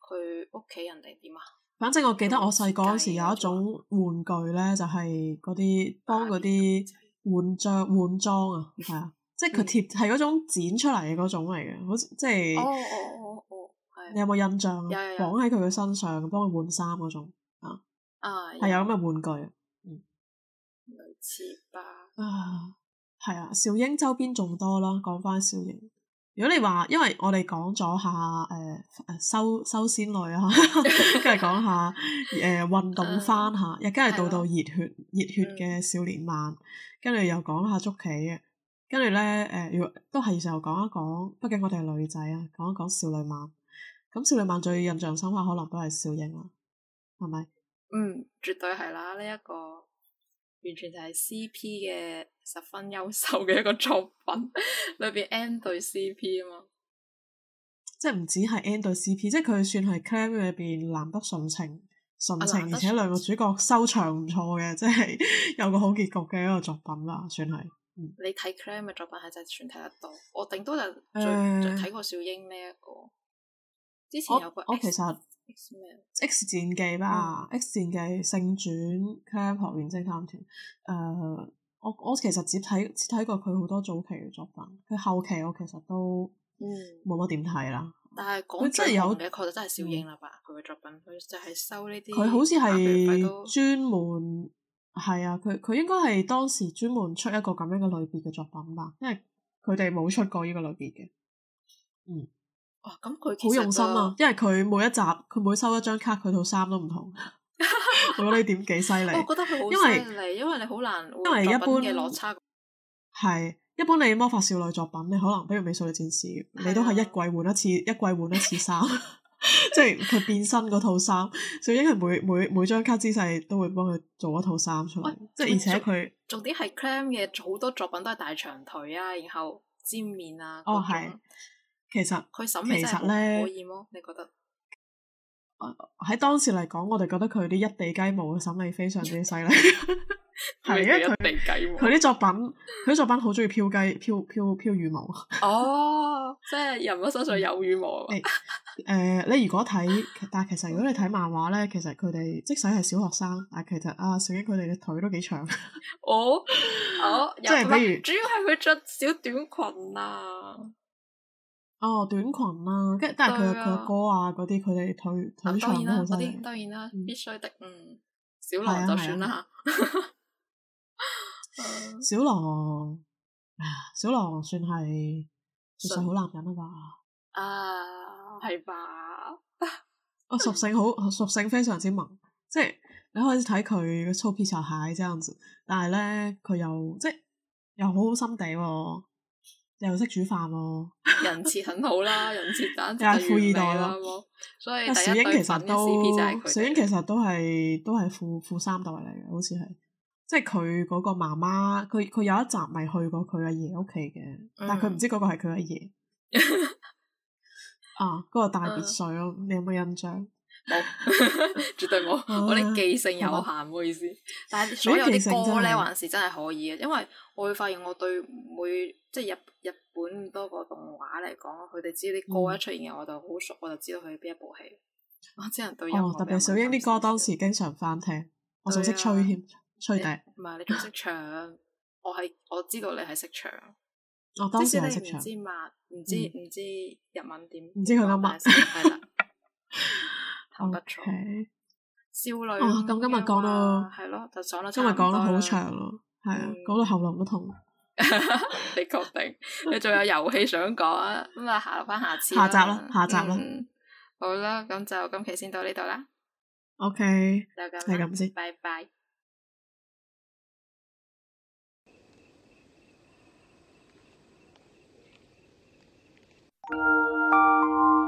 佢屋企人定點啊？反正我記得我細個嗰時有一種玩具咧，就係嗰啲幫嗰啲換着換裝啊，係啊，即係佢貼係嗰 <laughs> 種剪出嚟嘅嗰種嚟嘅，好似即係，oh, oh, oh, oh, yeah. 你有冇印象？Yeah, yeah, yeah. 啊？綁喺佢嘅身上幫佢換衫嗰種啊，係有咁嘅玩具，嗯，類似吧。啊，係啊，小英周邊仲多啦，講翻小英。如果你話，因為我哋講咗下誒、呃、修修仙類啊，跟住講下誒、呃、運動翻下，呃、又跟住度度熱血、嗯、熱血嘅少年漫，跟住又講下捉棋嘅，跟住咧誒要都係時候講一講，畢竟我哋係女仔啊，講一講少女漫，咁少女漫最印象深刻可能都係小影啦，係咪？嗯，絕對係啦，呢、這、一個。完全就係 C.P. 嘅十分優秀嘅一個作品，裏 <laughs> 邊 N 對 C.P. 啊嘛，即係唔止係 N 對 C.P.，即係佢算係 CLAMP 裏邊難得純情純情，而且兩個主角收場唔錯嘅，即係有個好結局嘅一個作品啦，算係。嗯、你睇 CLAMP 嘅作品係真係全睇得到。我頂多就最睇、呃、過小英呢、這、一個。之前有個、X 我，我其實。X, X 戰記吧、嗯、X 戰記、聖傳、《CLAMP 學園偵探團》。誒，我我其實只睇只睇過佢好多早期嘅作品，佢後期我其實都冇乜點睇啦。嗯、佢但係講真，有，你確實真係少影啦吧？佢嘅作品，佢就係收呢啲。佢好似係專門係啊！佢佢應該係當時專門出一個咁樣嘅類別嘅作品吧？因為佢哋冇出過呢個類別嘅。嗯。哇！咁佢好用心啊，因為佢每一集佢每收一張卡，佢套衫都唔同。 <laughs> 我覺得呢點幾犀利。我覺得佢好犀利，因為你好難因為一般嘅落差係一,一般你魔法少女作品，你可能比如美少女戰士，的你都係一季換一次，一季換一次衫，即係佢變身嗰套衫。所以因為每每每張卡姿勢都會幫佢做一套衫出嚟，即係、欸、而且佢重點係 clamp 嘅好多作品都係大長腿啊，然後尖面啊，哦係。其實佢審其實咧，可以麼？你覺得？喺當時嚟講，我哋覺得佢啲一地雞毛嘅審美非常之犀利，係因為佢佢啲作品佢啲作品好中意飄雞飄飄飄羽毛。哦，即係人物身上有羽毛。誒，你如果睇，但係其實如果你睇漫畫咧，其實佢哋即使係小學生，但其實啊，首先佢哋嘅腿都幾長。哦哦，即係譬如主要係佢着小短裙啊！哦，短裙啦、啊，跟但係佢佢阿哥啊嗰啲，佢哋、啊、腿腿長都好犀利。當然啦，當然啦嗯、必須的。嗯、啊啊， <laughs> 小狼就算啦。小狼，小狼算係算係好男人啊吧？啊，係吧？ <laughs> 哦，屬性好，屬性非常之萌， <laughs> 即係你開始睇佢粗皮小孩這樣子，但係咧佢又即係又好好心地喎、哦。又識煮飯喎！ <laughs> 人設很好啦，人設梗係富二代咯。 <laughs> 所以小英其實都小英其實都係都係富富三代嚟嘅，好似係即係佢嗰個媽媽，佢佢有一集咪去過佢阿爺屋企嘅，嗯、但係佢唔知嗰個係佢阿爺 <laughs> 啊嗰、嗰個大別墅咯， <laughs> 你有冇印象？冇， <laughs> 絕對冇，oh、yeah, 我啲記性有限，唔嗎好意思。但係所有啲歌咧， <music> 還是真係可以嘅，因為我會發現我對每即係日日本多個動畫嚟講，佢哋知啲歌一出現嘅，我就好熟，我就知道佢係邊一部戲。我只能對日哦，oh, 特別小英啲歌，當時經常翻聽，啊、我仲識吹添，吹笛。唔係，你仲識唱，我係我知道你係識唱。我當然係識唱。唔知默，唔、嗯、知唔知，知日文點。唔知佢啱乜，係啦。好不錯。少女。哦，咁今日講到係咯，就講咗，今日講得好長咯，係啊、嗯，講到喉嚨都痛。 <laughs> 你確定？ <laughs> 你仲有遊戲想講啊？咁啊，下落翻下次下。下集啦，下集啦。好啦，咁就今期到 okay, 就先到呢度啦。OK。就咁係咁先。拜拜。 <music>